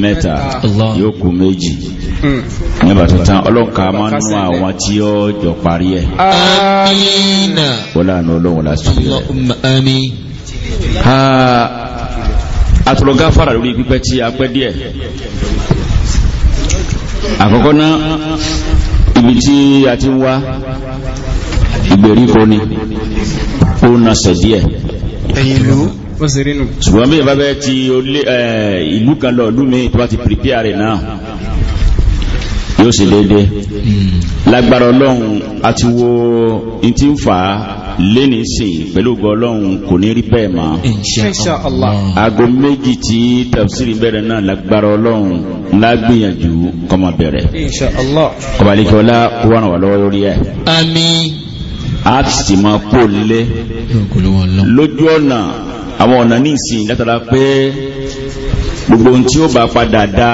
mẹ́ta yóò kú méjì hmm. nígbà tó tán ọlọ́nkà máa ń nú àwọn tí ó jọ parí ẹ̀ àmín wọ́láàánú ọlọ́run láti rí rẹ̀ àtọ̀rọ gáfàrà lórí pípẹ́ tí a pẹ́ díẹ̀ àkọ́kọ́ náà ibi tí a ti ń wá ìgbèríko ni ó nasẹ̀ díẹ̀ ó sì rínú. ṣùgbọ́n bí ìbá bẹ́ẹ̀ ti ìlú kan lọ ìlú mi tó bá ti pìrìpìà rẹ̀ náà yóò sì dédé hmm. lágbára ọlọ́run àti wo n ti ń fà léni sìn pẹ̀lú ògo ọlọ́run kò ní rí bẹ́ẹ̀ mọ́. Insha Allah. aago méjì tí tafsiri bẹ̀rẹ̀ náà lágbára ọlọ́run lágbìyànjú kọ́mọ bẹ̀rẹ̀. Insha Allah. kọ́balẹ́kẹ́ọ́lá kó wà wà lọ́wọ́ lórí ẹ̀. àmín. a ti sì máa kó lé lójú ọ̀nà àwọn ọ̀nà ní ìsìn látara pé gbogbo tí ó bá padà da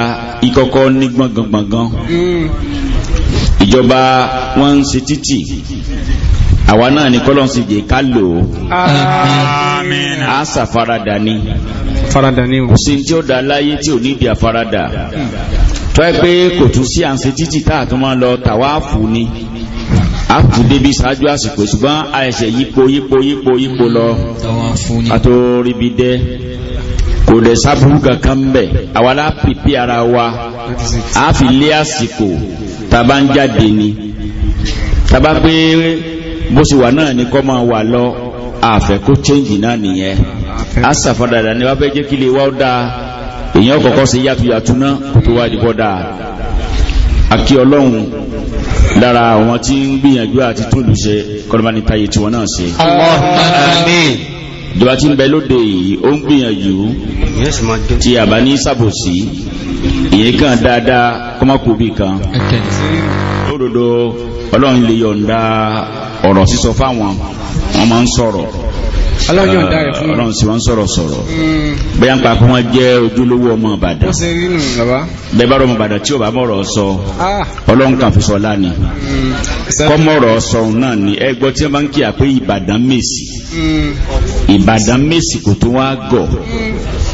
ìkọ́kọ́ ní gbọ̀ngàngbọ̀ngàn ìjọba wọn ń se títì àwa náà ní kọ́lọ́n sì jẹ́ ká lò ó a ṣàfaradà ni faradà ni kò sí tí ó da láyé tí ò ní ìdí àfaradà tó ẹ pé kò tún sí à ń ṣe títì táà tó máa lọ tàwáàfù ni a tún débi ṣáájú àsìkò ṣùgbọ́n àìsẹ̀ yípo yípo yípo yípo lọ àtòríbi dẹ́ kò dẹ̀ sábúrú kankan bẹ̀ àwa la pèpè ara wa a fi lé àsìkò tàbá ń jáde ni tàbá pé bó ṣe wà náà ni kọ́ máa wà lọ àfẹ́ kó chẹ́ǹjì náà nìyẹn a sàfàdàdà ni wọ́n fẹ́ jẹ́ kí lè wá ó dáa èèyàn kọ̀ọ̀kan sí yàtúyàtú náà kó tó wá dìbò dáa àkí ọlọ́run lára àwọn tí ń gbìyànjú àti túlù ṣe kọlọmọdé táyé tí wọn náà ṣe. ìjọba tí ń bẹ lóde yìí ó ń gbìyànjú tí àbá ní sàbòsí ìyẹn kan dáadáa kọ́mọkùbì kan lódodo ọlọ́run lè yọ̀ǹda ọ̀rọ̀ sísọ fáwọn wọn máa ń sọ̀rọ̀ ọlọ́yọ̀ǹda ah, rẹ̀ fún ọlọ́run sí wọ́n sọ̀rọ̀ sọ̀rọ̀ hmm. bẹ́yà ń pa kí wọ́n jẹ́ ojúlówó ọmọ ìbàdàn ó ṣe rí nù bàbá bẹ́ẹ̀ bá rọ ọmọ ìbàdàn tí ò bá mọ̀rọ̀ sọ ah. ọlọ́run kan fi sọ lánìí hmm. kọ́ mọ̀rọ̀ sọ òun náà ni ẹ gbọ́ tí wọ́n bá ń kíyà pé ìbàdàn mèsì hmm. ìbàdàn mèsì kò tó wá gọ̀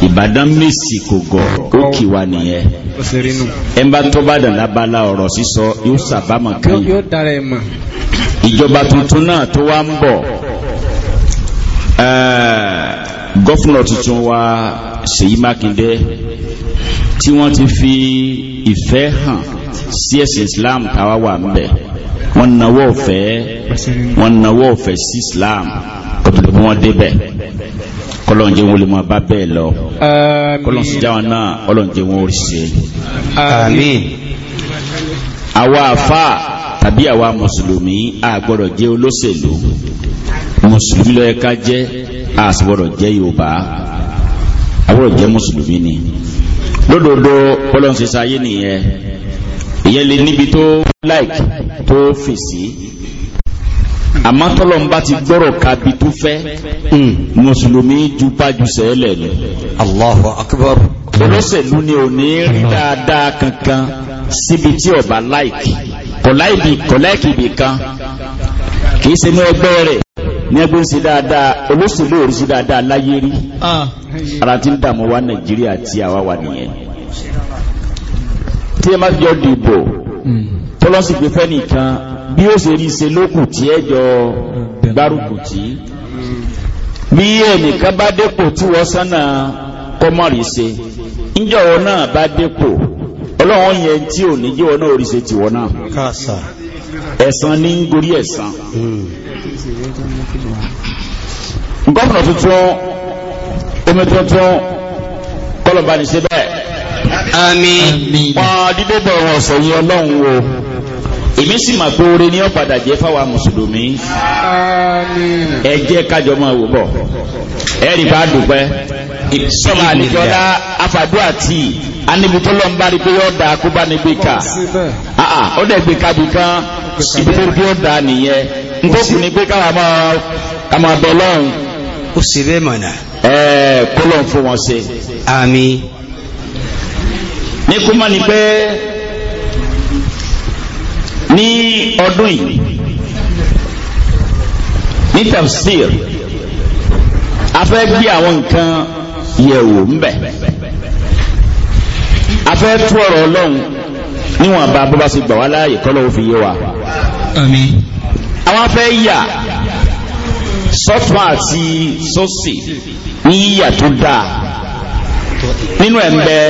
ìbàdàn mèsì kò gọ̀ ó kì wá nìyẹn ẹ ń bá tó lábala ọ̀rọ̀ sísọ yóò sàbámọ̀ kan ìjọba tuntun náà tó wá ń bọ̀ Eh, gọ́fúnà tuntun wa Ṣèyí Mákindé tí wọ́n ti fi ìfẹ́ hàn sí ẹ̀sìn Islam táwa wà ń bẹ̀ wọ́n nawọ́ ọ̀fẹ́ wọ́n nawọ́ ọ̀fẹ́ sí Islam kọ̀tùlù bí wọ́n débẹ̀ kọlọ́njẹ́ wọn lè máa bá bẹ́ẹ̀ lọ kọlọ́njẹ́ wọn náà ọlọ́njẹ́ wọn orí ṣe. àmín. àwa àfa tàbí àwa mùsùlùmí a jẹ́ olóṣèlú mùsùlùmí ló yẹ ká jẹ́ àsìbọ̀dọ̀ jẹ́ yorùbá àbúrò jẹ́ mùsùlùmí ni lódodo ọlọ́nsẹsẹ ayé nìyẹn ìyẹn lè níbi tó like tó fèsì àmọ́ tọ́lọ̀ ń bá ti gbọ́rọ̀ kábi tó fẹ́ hmm. mùsùlùmí ju bájú sẹ́lẹ̀ ni. Allahu akbar. olóṣèlú ni ò ní rí dáadáa kankan síbi tí ọba láìkì kọ̀láìkì ibì kan kì í ṣe ní ẹgbẹ́ rẹ̀ ní ẹgbẹ́ ń ṣe dáadáa olóṣèlú ò rí sí dáadáa láyé rí ah. ara ti ń dààmú wa nàìjíríà tí àwa wà nìyẹn tí ẹ má fi jọ dìbò tọ́lọ́sì pé fẹ́ nìkan bí ó ṣe rí ṣe lókù tí ẹ jọ gbárùkù tí bí ẹnìkan bá dépò tí wọ́n sánà kọ́mọ̀rì ṣe níjọ́ wọn náà bá dépò ọlọ́run yẹn tí ò ní jẹ́ wọn náà orí tiwọn náà ẹ̀san ní ń gorí ẹ̀san gómìnà tuntun omi tuntun kọlọ̀bá ní ṣe bẹ́ẹ̀ àmín wọn dídébọ̀ wọn sọ̀yìn ọlọ́run o èmi sì mà pé oore ní ọ̀padà jẹ́ fáwa mùsùlùmí ẹ jẹ́ kájọ máa wò bọ̀ ẹ rí bá dùpẹ́ sọ́mà àlejòlá afàdúrà tí anibutọ́lọ́ ń bá rí pé yọ́ da kó bá ní gbé ká ó dẹ̀ gbé ká bìkan ibi tó bí ó da nìyẹn ntòkù ni pé káwa máa bẹ̀ lọ́hùn. ó sì bẹ́ẹ̀ mọ̀nà. ẹ kó lọ́n fún wọn ṣe. àmín. ní kúmọ̀ ni pé ní ọdún yìí ní tafsir a fẹ́ gbé àwọn nǹkan yẹ̀wò ńbẹ̀ a fẹ́ tú ọ̀rọ̀ ọlọ́run níwọ̀n bá bó bá sì gbà wá láàyè kọ́lọ̀ ó fi yé wa àmín àwọn afẹ́ yà sọ́tún àti sósì ní yíyà tó dáa nínú ẹ̀ ń bẹ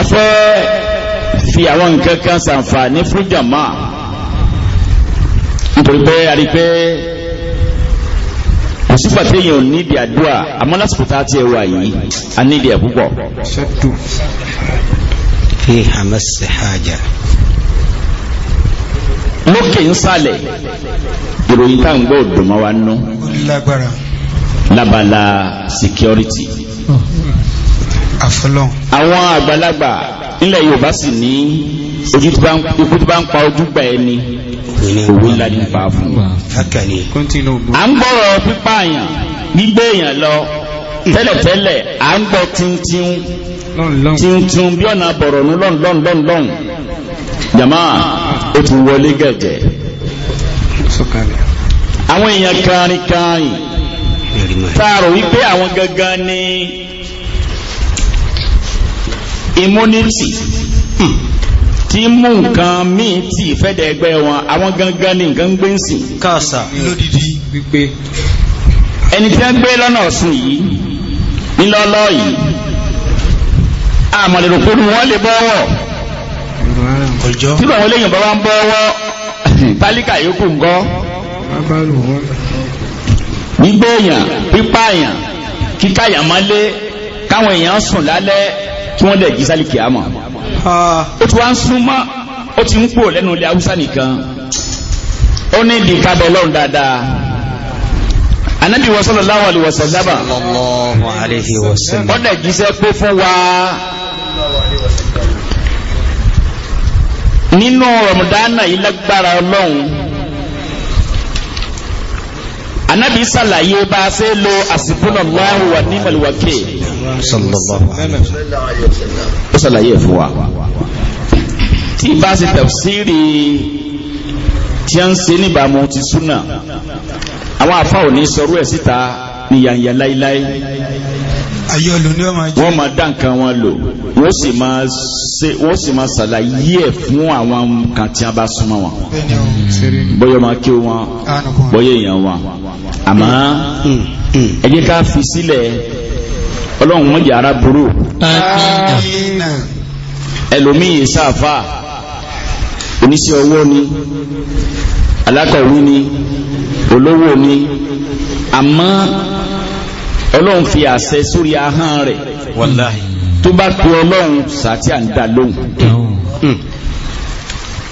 afẹ́ fi àwọn nǹkan kan ṣàǹfààní fún jàmá nítorí pé a rí pé kò sífà tí èèyàn nídi àdúrà àmọ́ lásìkò tá a ti ẹwà yìí a nídi ẹ̀ púpọ̀. haja. lókè ń sálẹ̀ ìròyìn tá à ń gbọ́ òdùnmọ́ wa nú. ó security. Oh àfọlọ́n. àwọn àgbàlagbà nílẹ̀ yorùbá sì ní ojú tí bá ń pa ojú gbà ẹ ni òwe ńlá ní fa fún un. à ń gbọ́rọ̀ pípa àyàn gbígbé èèyàn lọ tẹ́lẹ̀tẹ́lẹ̀ à ń gbọ́ tuntun tuntun bí ọ̀nà bọ̀rọ̀ ní lọ́nlọ́nlọ́n jama ó ti wọlé gẹ̀jẹ̀ àwọn èèyàn kárìnkárìn táàrọ̀ wípé àwọn gangan ni immunity hmm. tí mú nǹkan míì tí ìfẹ́dẹ̀ ẹgbẹ́ wọn àwọn gangan ní nǹkan gbé ń sìn káàsà lódìdí gbígbé ẹni tí wọ́n gbé lọ́nà ọ̀sìn yìí nílọ́lọ́ yìí àmọ̀lẹ̀rò pé wọ́n lè bọ́wọ́ tí àwọn eléyìn bá ń bọ́wọ́ tálíkà yòókù ńkọ́ gbígbé èèyàn pípa èèyàn kíkà èèyàn mọ́lé káwọn èèyàn sùn lálẹ́ tí wọ́n dẹ̀ jí sálì kìámọ̀ ó ti wá ń súnmọ́ ó ti ń pò lẹ́nu ilẹ̀ haúsá nìkan ó ní ìdí kábẹ́ lọ́run dáadáa anabi wa sallallahu alaihi wa sallama wọ́n dẹ̀ jíṣẹ́ pé fún wa nínú rọ̀mùdánà yìí lágbára ọlọ́run anabi ṣàlàyé bá a ṣe lo àsìkúnàláhù wà ní màlúwàkè ó ṣàlàyé fún wa tí bá ṣe tafsiri tí a ń ṣe níbàámu ti súnà àwọn àfáà ní sọrú ẹ̀ síta ní yànyàn láíláí wọ́n máa dá nǹkan wọn lò wọ́n sì máa ṣe wọ́n sì máa ṣàlàyé ẹ̀ fún àwọn kan tí a bá súnmọ́ wọn bóyá máa kí wọn bóyá èèyàn wọn àmọ́ mm, mm. ẹ ká fi sílẹ̀ ọlọ́run wọ́n jẹ́ burú ẹlòmíì sáfà oníṣẹ́ ọwọ́ ni alákọ̀wé ni olówó ni àmọ́ ọlọ́run fi àṣẹ sórí ahọ́n rẹ̀ wàláhì tó bá pe ọlọ́run sàtí à ń dá lóhùn hmm.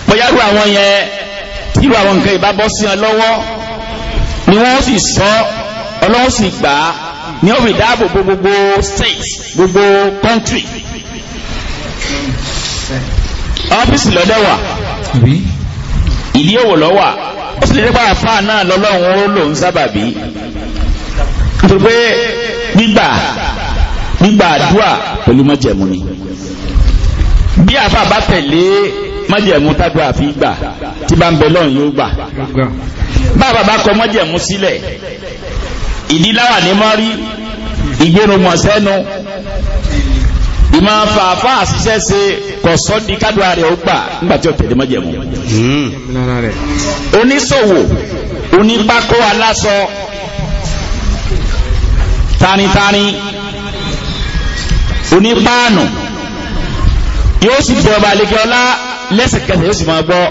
bóyá irú àwọn yẹn irú àwọn nǹkan ìbá bọ́ sí wọn lọ́wọ́ ni wọ́n sì sọ ọlọ́run sì gbà á ni wọ́n fi dáàbò bo gbogbo state gbogbo country ọ́fíìsì lọ́dẹ̀ wà ìdí òwò lọ́wà ó sì lè dé pàrọ̀ fáà náà lọ́lọ́run ó lòun sábàbí nítorí pé gbígbà gbígbà àdúà pẹ̀lú májẹ̀mú ni bí àfa bá tẹ̀lé májẹ̀mú tádùn àfi gbà tí bá ń bẹ lọ́run yóò gbà bá bàbá kọ májẹ̀mú sílẹ̀ ìdíláwà ní mọ́rí ìgbéròmọ̀ sẹ́nu ìmọ̀ fàáfà àṣiṣẹ́ ṣe kò sọ́ di kádùá rẹ̀ ó gbà nígbà tí ó tẹ̀lé májẹ̀mú. Hmm. oníṣòwò onípákó aláṣọ tarintarin onípaanu yóò sì gbọ́ ọba àlekẹ́ ọlá lẹ́sẹ̀kẹsẹ̀ yóò sì máa gbọ́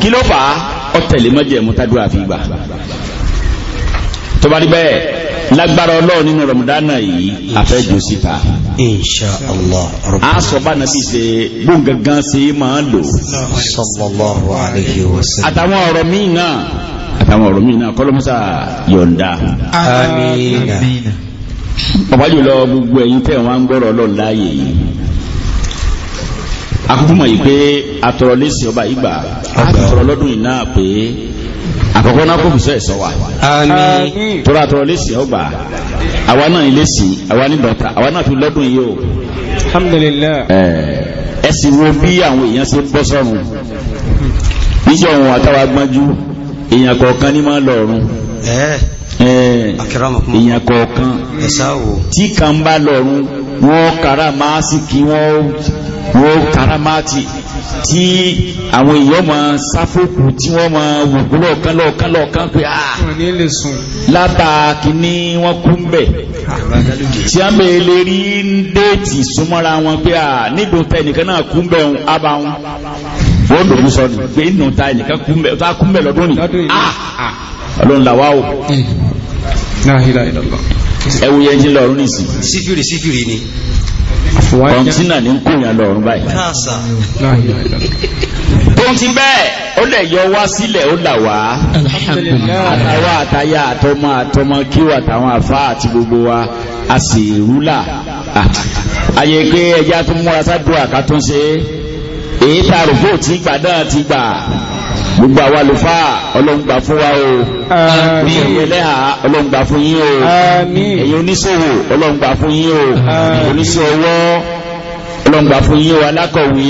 kí ló fà á ọ̀tẹ̀lẹ́mọ́jẹ̀ mọ́tàdúrà fi gbà tó bá rí bẹ́ẹ̀ lágbára ọlọ́run nínú ramadana yìí àfẹ́jù síta insha Allah a sọ bá nàbí ṣe gbóǹgangan sí máa lò sallallahu alaihi wasallam àtàwọn ọ̀rọ̀ míì náà àtàwọn ọ̀rọ̀ mìíràn kọ́lọ́mọ́sà yọ̀ǹda. gbogbo wọ́n ń gbọ́rọ̀ yìí. akúkú mọ̀ yìí pé atọ̀rọ̀ lẹ́sìn ọba ìgbà atọ̀rọ̀ lọ́dún yìí náà pé àkọ́kọ́ náà kò fi sọ ẹ̀sọ́ wa. atọ̀rọ̀ lẹ́sìn ọba àwa náà ilé àwa ní dọ̀ta àwa náà fi lọ́dún yìí o. ẹ sì wo bí àwọn èèyàn ṣe bọ́ sọ́run níjọ́ wọn àtàwọn èèyàn kọ̀ọ̀kan ní máa lọ ọ̀run èèyàn kọ̀ọ̀kan tí kan bá lọ́run wọ́n kàrà máa sì kí wọ́n kàrà máa ti tí àwọn èèyàn ma sáfòkù tí wọ́n ma wùkú lọ́ọ̀kan lọ́ọ̀kan lọ́ọ̀kan pé àà ah! látàkì ní wọ́n kú ń bẹ̀ tí a bẹ̀ lè rí déètì súnmọ́ra wọn pé àà ah! nígbòtẹ́ nìkan náà kú ń bẹ̀ àbáwọn wọ́n dòdò sọ ni pé nù ta ẹnìkan kúmbẹ̀ tó a kúmbẹ̀ lọ́dún ni ah, ah. ọlọ́run làwa o eh. ẹwù yẹn jí lọ́rùn nìsí. sífìrì sífìrì ni. kọ̀ǹtínà ní kùnyà lọ́rùn báyìí. tó ń ti bẹ́ẹ̀ ó lẹ̀ yọ wá sílẹ̀ ó là wá. àtàwà àtàyà àtọmọ àtọmọ kí wà táwọn afá àti gbogbo wa a sì rúlà. Ah. àyè pé ẹja tó múra sádùn àkàtúnṣe èyí tá a rò fún òtí padà ti gbà gbogbo àwa lùfà ọlọ́ngbà fún wa o ní ìpínlẹ̀à ọlọ́ngbà fún yín o ẹ̀yin oníṣòwò ọlọ́ngbà fún yín o oníṣòwò ọlọ́ngbà fún yín o alákọ̀wé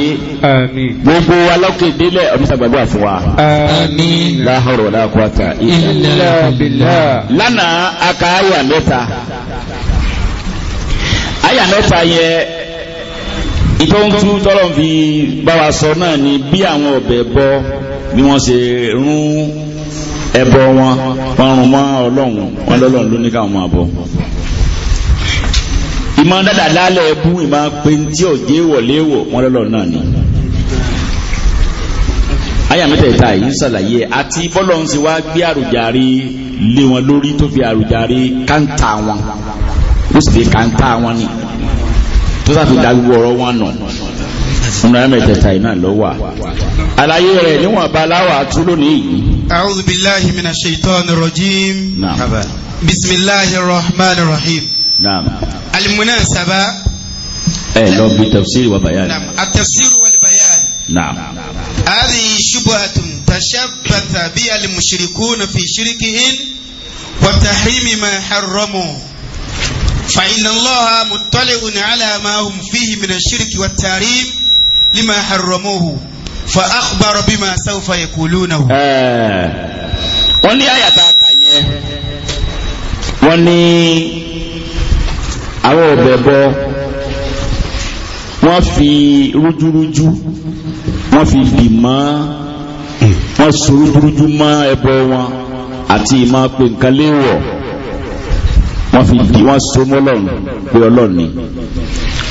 gbogbo wa lọ́kè délẹ̀ ọmọsàgbàgbà fún wa la hawla wala quwwata illa billah lánàá aka àyà mẹ́ta àyà mẹ́ta yẹ ìtọ́ ń tú tọ́lọ̀ fi bá wa sọ náà ni bí àwọn ọ̀bẹ bọ bí wọ́n ṣe rún ẹbọ wọn wọn rún mọ́ ọlọ́run wọn lọ́lọ́run ló ní káwọn máa ìmọ̀ dáadáa lálẹ́ ẹbú ìmọ̀ pé tí òjé wọlé wọ̀ wọn lọ́lọ́run náà ni aya mẹ́tẹ̀ẹ̀ta yìí ń sàlàyé àti bọ́lọ́n sì wá gbé àrùjáre lé wọn lórí tó fi àrùjáre káńtà wọn ó sì fi káńtà wọn ni tó sáfi dágbó ọ̀rọ̀ wọn nù ọ̀nà ẹ̀mẹ̀tẹ̀ta iná lọ wà àlàyé rẹ̀ níwọ̀n bá láwà tú lónìí a'udhu billahi minash shaitanir rajim bismillahir rahmanir rahim al-munasaba ẹ lọ bí tafsir wa bayan at-tafsir wal bayan نعم هذه شبهة تشبث بها المشركون في شركهم وتحريم ما حرموا فإن الله مطلع على ما هم فيه من الشرك والتحريم لما حرموه فأخبر بما سوف يقولونه wọ́n ní àyàtà àkàyẹ wọ́n ní àwọn ọ̀bẹ̀bọ wọ́n fi rújúrújú wọ́n fi bì mọ́ wọ́n so rújúrújú mọ́ ẹbọ wọn àti ìmọ̀ pé nǹkan léèwọ̀ wọ́n fi di wọ́n so mọ́lọ́run pé ọlọ́run ni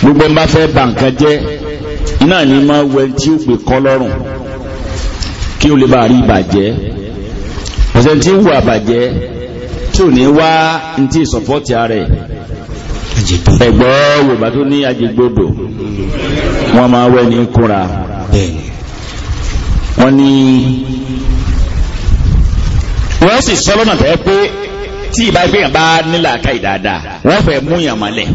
gbogbo ń bá fẹ́ bà nǹkan jẹ́ iná ní máa wẹ tí ó gbé kọ́ lọ́rùn kí ó lè bá rí ìbàjẹ́ ọ̀sẹ̀ tí wù àbàjẹ́ tí ò ní wá ní tí ìsọ̀pọ̀tì ara ẹ̀ ẹ̀gbọ́ tó ní ajégbodò wọ́n máa wẹ́ ní kúra wọ́n ní wọ́n sì sọ lọ́nà tẹ́ pé tí ìbá gbé yàn bá nílà ká ìdáadáa wọ́n fẹ́ mú yàn mọ́lẹ̀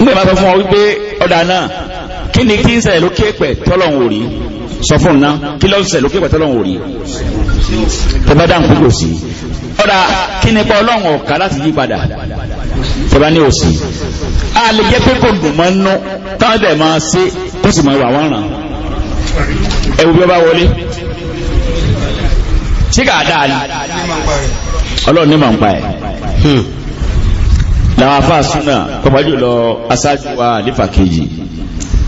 nígbà máa fẹ́ fún ọ wípé ọ̀dà náà kí ni kí ń ṣẹlẹ̀ lókè pẹ̀ tọ́lọ̀hún òrí sọ fún ná kí ló ń ṣẹlẹ̀ lókè pẹ̀ tọ́lọ̀hún òrí tó bá dáhùn kúrò sí ọ̀dà kí ni pa ọlọ́run ọ̀ka láti yí padà tó bá ní òsì a lè jẹ́ pé kò dùn mọ́ nú táwọn dẹ̀ máa ṣe kó sì máa wà wọ́n ràn ẹ̀wù bí ọlọ́run ní màá ń pa ẹ̀ hmm. làwọn afá súnà pàpàjù lọ aṣáájú wa àlífà kejì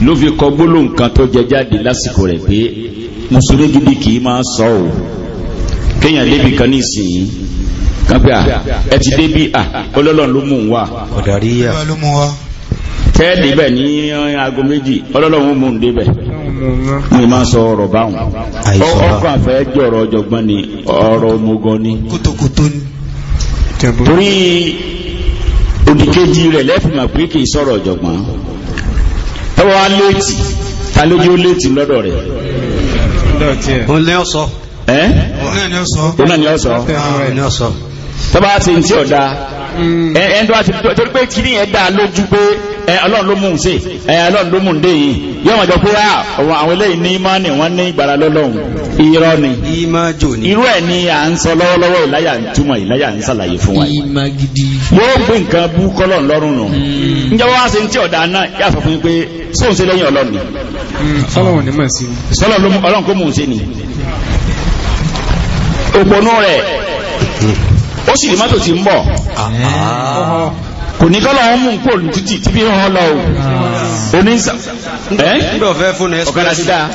ló fi kọ gbólóhùn kan tó jẹ jáde lásìkò rẹ̀ pé mùsùlùmí gidi kì í máa sọ ò kéèyàn débi kan nísìnyí kápẹ́ à ẹ ti débi à ọlọ́run ló mú un wá. ọ̀dàrí yà tẹ́ẹ̀dì ní aago méjì ọlọ́run mú un débẹ̀. mi ma sọ ọ̀rọ̀ báwọn ọkọ̀ àfẹ́ jọ̀rọ̀ ọjọ́gbọ́n ni ọ̀rọ̀ omugan ni kótókótó ni torí òdìkejì rẹ̀ lẹ́fìmọ̀ pé kì sọ̀rọ̀ ọjọ́gbọ́n ẹwọ́ léètì ta lójú ó léètì lọ́dọ̀ rẹ̀ òun sọ ti torí pé kí ni ẹ̀ lójú pé ẹ ọlọ́run ló mú un sí ẹ ọlọ́run ló mú un dé yìí yóò máa jọ pé ah, àwọn àwọn eléyìí ní ìmánì wọn ní ìgbàlá lọ́lọ́run irọ́ ni irú ẹ̀ ni à ń sọ lọ́wọ́lọ́wọ́ ìláyà ń túmọ̀ ìláyà ń sàlàyé fún wa yóò gbé nǹkan bú kọ́lọ́run lọ́rùn nù njẹ́ hmm. wọ́n á ṣe tí ọ̀dà náà yà sọ fún mi pé sóun ṣe lẹ́yìn ọlọ́run ni hmm, ọlọ́run kó mú un sí ni òpònú rẹ̀ hmm. ó sì rí mọ́tò kò ní kọ́lọ̀ wọn mú kò ní títì tí bí wọ́n lọ o ní sà ẹ́ ọ̀kadà sí dáa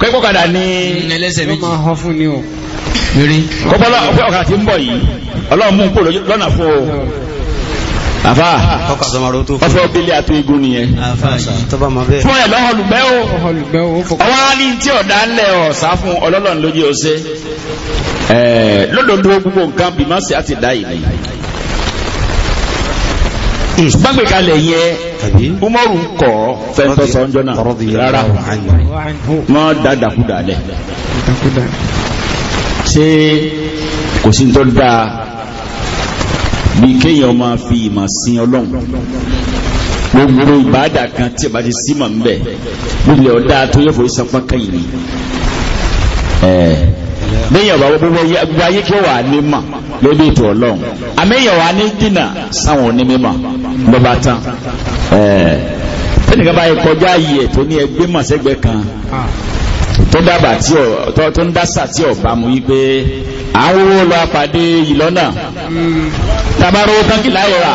kẹ́kọ̀ọ́kadà ní ẹlẹ́sẹ̀ méjì kọ́kọ́lọ́ ọ̀pẹ́ ọ̀kadà tí ń bọ̀ yìí ọlọ́run mú kò lọ́nà fún o àfà ọ̀fẹ́ obìnrin àti egun nìyẹn fún ẹ̀ lọ́họ̀lùgbẹ́ o ọwọ́ alí tí ọ̀dá ńlẹ̀ ọ̀sá fún ọlọ́lọ́run lójú ọ̀sẹ̀ lódodo gbogbo nǹkan bí má sí àti dá ìlú gbàgbé kalẹ̀ yẹn umaru kọ̀ fẹ́ntọ́sọ̀ ọjọ́ náà rárá mọ́ dáadákúdà lẹ̀ ṣé kò sí tó dáa bí kéèyàn máa fi ìmọ̀ sin ọlọ́run gbogbo ìbáàdà kan tí a bá ti símọ̀ ń bẹ̀ nílẹ̀ ọ̀dá tó yẹ fòye sanpá kẹ́yìn ni léyìn ọ̀bá gbogbo ayé kí ó wà ní mà lórí ètò ọlọ́run àmẹ́yìn ọ̀wà ní dínà sáwọn onímọ̀ lọ́ba tán tẹ́nìkan bá yẹ kọjá ayé ẹ̀ tó ní ẹgbẹ́ mà sẹ́gbẹ́ kan tó dábàá tí ọ tó ń dásà tí ọba mu yí pé àwọn owó lọ apàdé ìlọ́nà tabaró tánkì láyọ̀rà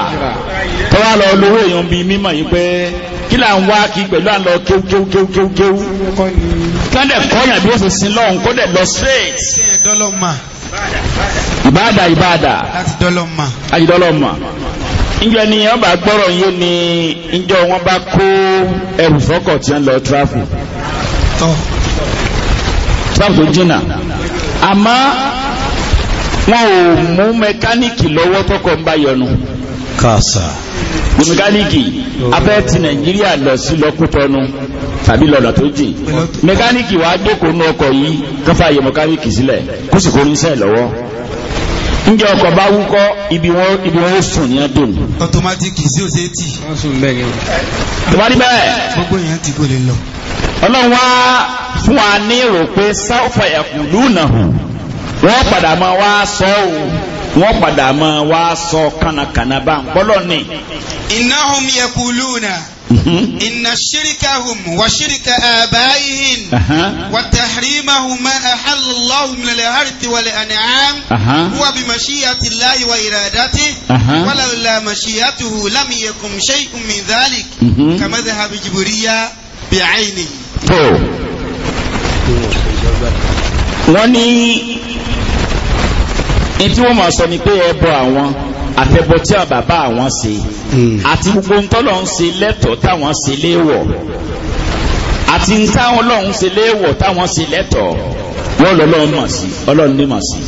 tó wá lọ lówó èèyàn bíi mímọ̀ yí pé kí là ń wá kí pẹ̀lú àlọ́ kéwkéwkéwkéw kẹ́ndẹ̀ kọ́yàn bí ó sì sin lọ́hùn kó dẹ̀ lọ straight. ìbáàdà ìbáàdà. láti dọ́lọ́ mà. láti dọ́lọ́ mà. ìjọ ni wọ́n bá gbọ́rọ̀ yé ni ìjọ wọn bá kó ẹrù fọ́kọ̀ tí wọ́n lọ tráfù. tráfù tó jìnnà. àmọ́ wọn ò mú mẹkáníìkì lọ́wọ́ tọkọ̀ ń bá yọnu. kàṣà mẹkáníìkì afẹ́ ti nàìjíríà lọ sí lọ́kútọ́nu tàbí lọ́nà tó jìn mẹkáníìkì wàá jókòó nú ọkọ̀ yìí káfá yẹ mẹkáníìkì sílẹ̀ kó sì kó níṣẹ́ lọ́wọ́ njẹ ọkọ̀ bá wúkọ́ ibi wọn ibi wọn ó sùn ní adùn. ọtọmátìkì sí òsè tì. wọn sùn bẹ́ẹ̀ gẹ́gẹ́. tó bá gbogbo èèyàn ti kò lọ. ọlọ́run wá fún wa ní èrò pé sáfà ẹ̀kú lùnà hù wọ́n padà máa wá sọ ọ́ wọ́n padà mọ́ wá sọ kànàkànà bá ń pọ́lọ́ ní. innahum yakuluna. إن شركهم وشرك آبائهم وتحريمه ما أحل الله من الأرض والأنعام هو بمشيئة الله وإرادته ولولا مشيئته لم يكن شيء من ذلك كما ذهب جبرية بعينه. wọ́n ní ní tí wọ́n máa sọ ni pé ẹbọ àwọn àfẹbọ tí àwọn bàbá àwọn ṣe hmm. àti gbogbo ń tọ́lọ̀ ń ṣe lẹ́tọ̀ọ́ táwọn ṣe léèwọ̀ àti ń táwọn ọlọ́run ṣe léèwọ̀ táwọn ṣe lẹ́tọ̀ọ́ wọ́n lọ ọlọ́run mọ̀ sí ọlọ́run ní mọ̀ sí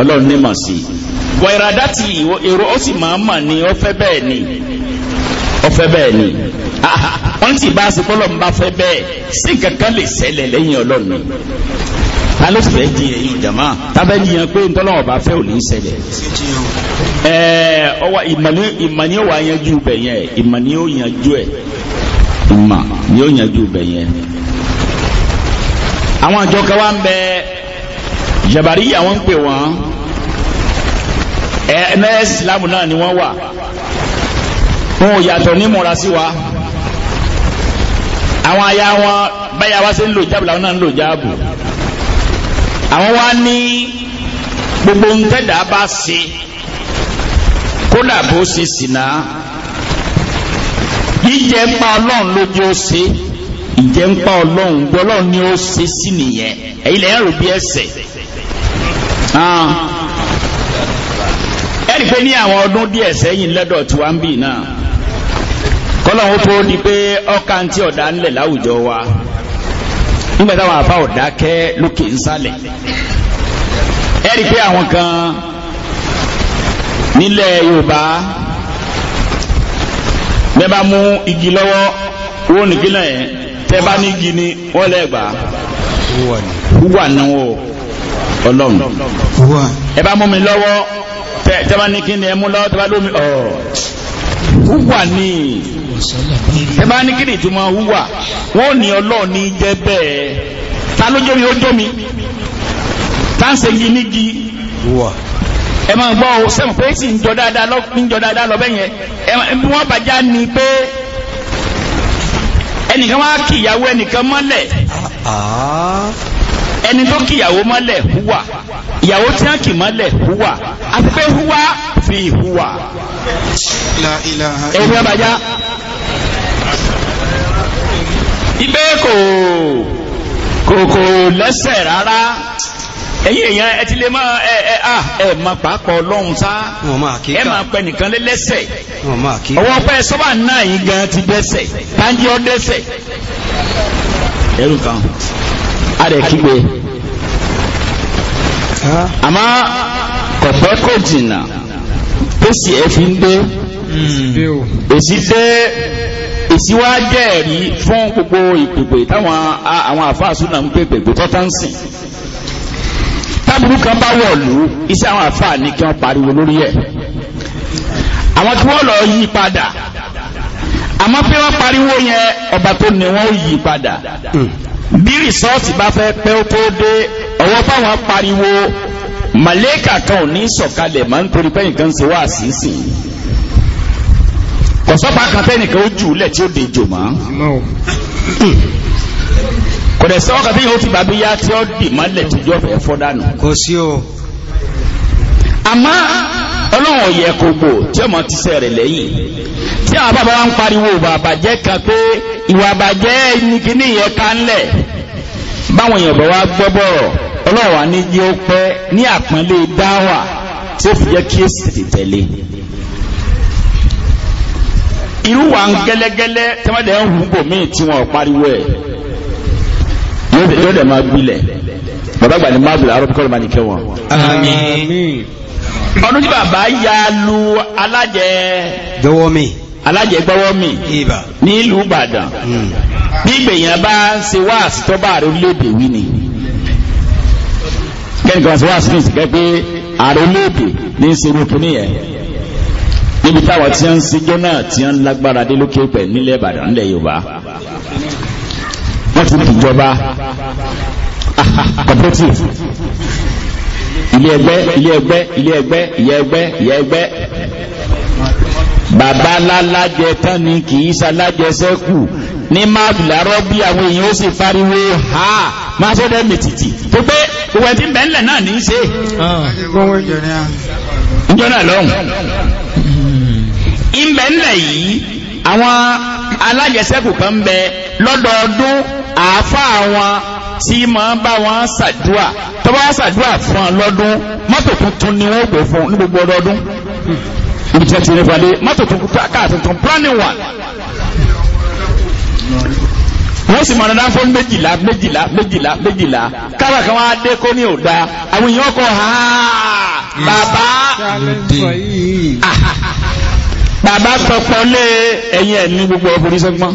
ọlọ́run ní mọ̀ sí. wẹ̀rẹ̀dátì èrò ó sì máa ń mọ̀ ní ọfẹ́ bẹ́ẹ̀ ni ọfẹ́ bẹ́ẹ̀ ni wọ́n ti bá a ṣe kọ́lọ́ ń bá fẹ́ bẹ́ẹ̀ sí kankan lè ṣẹlẹ̀ lẹ́yìn ọlọ́run ta ló fẹ́ di ẹ̀yin jama tábẹ́ ni yẹn pé ntọ́lọ́wọ́ bá fẹ́ ò ní ṣẹlẹ̀ ẹ̀ẹ́ ọwọ́ ìmọ̀ni wà yanjú bẹ̀ yẹn ìmọ̀ni ó yanjú ẹ̀ ìmọ̀ ni ó yanjú bẹ̀ yẹn. àwọn àjọ kan wá ń bẹ jabari àwọn ń pè wọn ẹ náà ìsìlámù náà ni wọ́n wà wọn ò yàtọ̀ ní mọ̀ra sí wa àwọn aya wọn báyà wá sí ń lò jáàbù làwọn náà ń lò jáàbù. àwọn wa ní gbogbo ń bá se kódà bó se sìnà jíjẹ ń pa ọlọ́run lójú ó se ìjẹ ọlọ́run ni ó se sí nìyẹn èyí rò bí ẹsẹ̀ ah. ẹ̀rí pé ní àwọn ọdún díẹ̀ sẹ́yìn ń bì náà di pé wa. nígbàtà wà fà ọ̀dákẹ́ lókè nsàlẹ̀ ẹ̀rí pé àwọn kan nílẹ̀ Yorùbá bẹ́ẹ̀ bá mú igi lọ́wọ́ wọ́n nìkílẹ̀ yẹn tẹ́ ní igi ni wọ́n lẹ́gbà wúwà náà wò ọlọ́run ẹ bá mú mi lọ́wọ́ tẹ́ ní kí ni ẹ mú lọ́wọ́ tẹ́ bá lómi ọ̀ọ́ húwà ní ẹ ní kí ni ìtumọ̀ húwà wọ́n ní ọlọ́ọ̀ ní jẹ́ bẹ́ẹ̀ ta ló jómi ó jómi ta ń segi nígi ẹ máa gbọ́ ọ sẹ́wọ̀n pé sì ń jọ dáadáa lọ ń jọ dáadáa lọ bẹ́yẹn ẹ wọ́n bàjá ni pé ẹnìkan wá kì ìyàwó ẹnìkan mọ́lẹ̀. Ah, ah ẹni tó kí ìyàwó mọ́lẹ̀ húwà ìyàwó tí wọ́n kì mọ́lẹ̀ húwà àti pé húwà fi húwà. ẹ̀rù abajá ibé kò kò kò lẹ́sẹ̀ rárá ẹ̀yin èèyàn ẹ ti lè mọ́ ẹ ẹ à ẹ mọ pàápọ̀ ọlọ́run sá ẹ máa pẹ nìkan lé lẹ́sẹ̀ ọwọ́ pẹ́ sọ́bà náà yìí gan ti dẹ́sẹ̀ táǹjì ọ́ dẹ́sẹ̀ ẹ̀rù kan àrẹ kígbe ama kọ̀pẹ́ kò jìnnà tó sì ẹ fi ń dé èsì dé èsì wá jẹ́ ẹ̀rí fún gbogbo ìpèpè táwọn àwọn àfáàsù náà ń pè pèpè tọ́tà ń sìn tábìlú kan bá wọ̀lú iṣẹ́ àwọn àfáà ní kí wọ́n pariwo lórí ẹ̀ àwọn tí wọ́n lọ yí padà àmọ́ pé wọ́n pariwo yẹn ọba tó ní wọ́n yí padà. Mm bí rìsọ́ọ̀tì bá fẹ́ pẹ́ ó tó dé ọwọ́ báwọn pariwo màlẹ́kà kan ò ní sọ̀kalẹ̀ máa ń torí pẹ́yìn kan ṣe wá àṣìṣìn kọ̀sọ́pà kan tẹ́nìkan ó jù lẹ̀ tí ó dejò mọ́ kò dẹ̀ sọ́wọ́ kan tí yóò ti bàbí yá tí ó dì mọ́lẹ̀ tí yóò fẹ́ fọ́ dànù. kò sí o. àmọ́ ọlọ́run ọ̀yẹ̀ kò gbò tí ọmọ ti sẹ̀ rẹ̀ lẹ́yìn tí àwọn bàbá wa ń pariwo ìwà àbàjẹ́ kan pé ìwà àbàjẹ́ nìkíní yẹn ká ń lẹ̀ báwọn èèyàn bọ̀ wá gbọ́ bọ̀rọ̀ ọlọ́wà ní yóò pẹ́ ní àpọ́nlé dáwà tí ó fi jẹ́ kí èsì tètè tẹ̀lé irú wa ń gẹ́lẹ́gẹ́lẹ́ tẹ́mọ́dẹ̀ ń hùn bò míì tí wọ́n pariwo ẹ̀ yóò dẹ̀ máa gbilẹ̀ bàbá gbà ní mábìlì arọ́bíkọ́ ló máa ní kẹwọn. ọdún tí bàbá ya lu alájẹ. gbọ́wọ́ mi. alájẹ gbọ́wọ́ mi. ní ìlú Ìbàdàn. Mm bí gbèyàn bá ṣe wá àsìtọ́bà rẹ orílẹ̀-èdè wí ni kẹ́nìkan ṣe wá sí ìsìnkẹ́ pé ààrẹ orílẹ̀-èdè ní í ṣe irúkú nìyẹn níbi táwọn tí wọ́n ń ṣíjọ́ náà tí wọ́n ń lágbára dé lókè pẹ̀ nílẹ̀ Ìbàdàn nílẹ̀ Yorùbá wọ́n ti dìjọba cooperative ilé ẹgbẹ́ ilé ẹgbẹ́ ilé ẹgbẹ́ ìyá ẹgbẹ́ ìyá ẹgbẹ́ bàbá lálájẹ tán ni kì í ṣalájẹ sẹ́kù ní máàlù lárọ́ bí àwọn èèyàn ó sì fariwo ha máa ṣe dẹ́ mètìtì tó pé òwe tí bẹ́ńlẹ̀ náà ní í ṣe. ìjọ náà lọ́hùn. ìbẹ̀ńlẹ̀ yìí àwọn alájẹsẹ́kù kan ń bẹ lọ́dọọdún àáfàá wọn tí ma bá wọn ṣàdúà tó bá ṣàdúà fún ọ lọ́dún mọ́tò tuntun ni wọ́n gbé fún ní gbogbo ọdọọdún ibi tí wọ́n ti rí falẹ̀ mọ́tò tuntun káà tuntun planning one wọ́n sì máa dáná fún méjìlá méjìlá méjìlá méjìlá kára kan wá dé kó ní òdá àwọn èèyàn kọ ha bàbá bàbá pọpọ lé ẹ̀yìn ẹ̀ ní gbogbo ọkùnrin sẹ́gbọ́n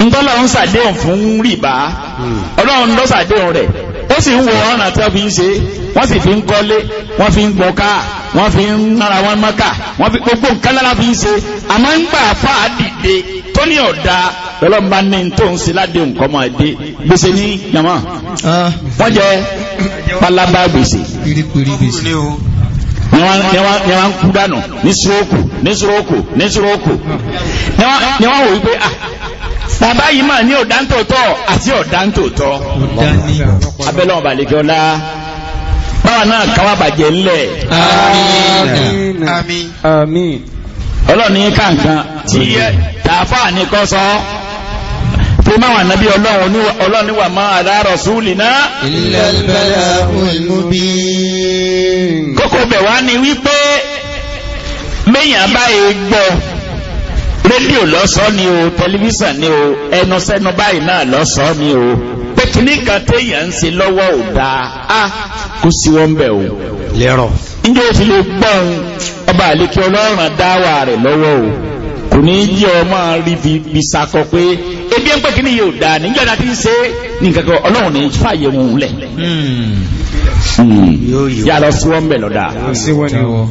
ńtọ́lọ̀ ń sàdéhùn fún rìbá ọlọ́run ń lọ́sàdéhùn rẹ̀ ó sì ń wo ọ̀ràn tí wọ́n fi ń ṣe wọ́n sì fi ń kọ́lé wọ́n fi ń gbọ́ká wọ́n fi ń nára wọn mọ́ká wọ́n fi gbogbo nǹkan lára fi ń ṣe àmọ́ ń gbà fà á dìde tó ní ọ̀dà ọlọ́run bá ní tó ń ṣe ládéhùn kọ́ máa dé gbèsè ní yàmọ́ ah. wọ́n jẹ́ pálábá gbèsè ni wọ́n ń kú dànù ní sírókù ní sírókù ní sírókù ni wọ́n wò wípé ah bàbá yìí mà ní ọ̀dántòótọ́ àti ọ̀dántòótọ́ abẹ́lẹ́ ọba lè jọlá báwa náà káwà bàjẹ́ ńlẹ̀ àmín àmín ọlọ́ni kàǹkan tí tààfà ní kọ́ sọ tó máa wà nábí ọlọ́ni wà máa àdárọ̀ súlì náà illa al-bala'ul mubin kókò bẹ̀ wá ní wípé méyàn báyìí gbọ́ rédíò lọ́sọ́ ni o tẹlifíṣàn ni o ẹnusẹ́nu báyìí náà lọ́sọ́ ni o pé kìíní kan téèyàn ń ṣe lọ́wọ́ ò dáa á kó sí wọn bẹ̀ o. lérò. njẹ́ o ti lè gbọ́n ọba àlekí ọlọ́run dáwà rẹ̀ lọ́wọ́ o kò ní í jẹ́ ọmọ rí fi pé ebi ń pè kí ni yóò dáa níjọ́ náà ti ń ṣe ní nǹkan ọlọ́run ní fààyè wọn lẹ̀. Hmm. Hmm. yàrá sí wọn bẹ̀ lọ́dà. sí wọn ni wọ́n.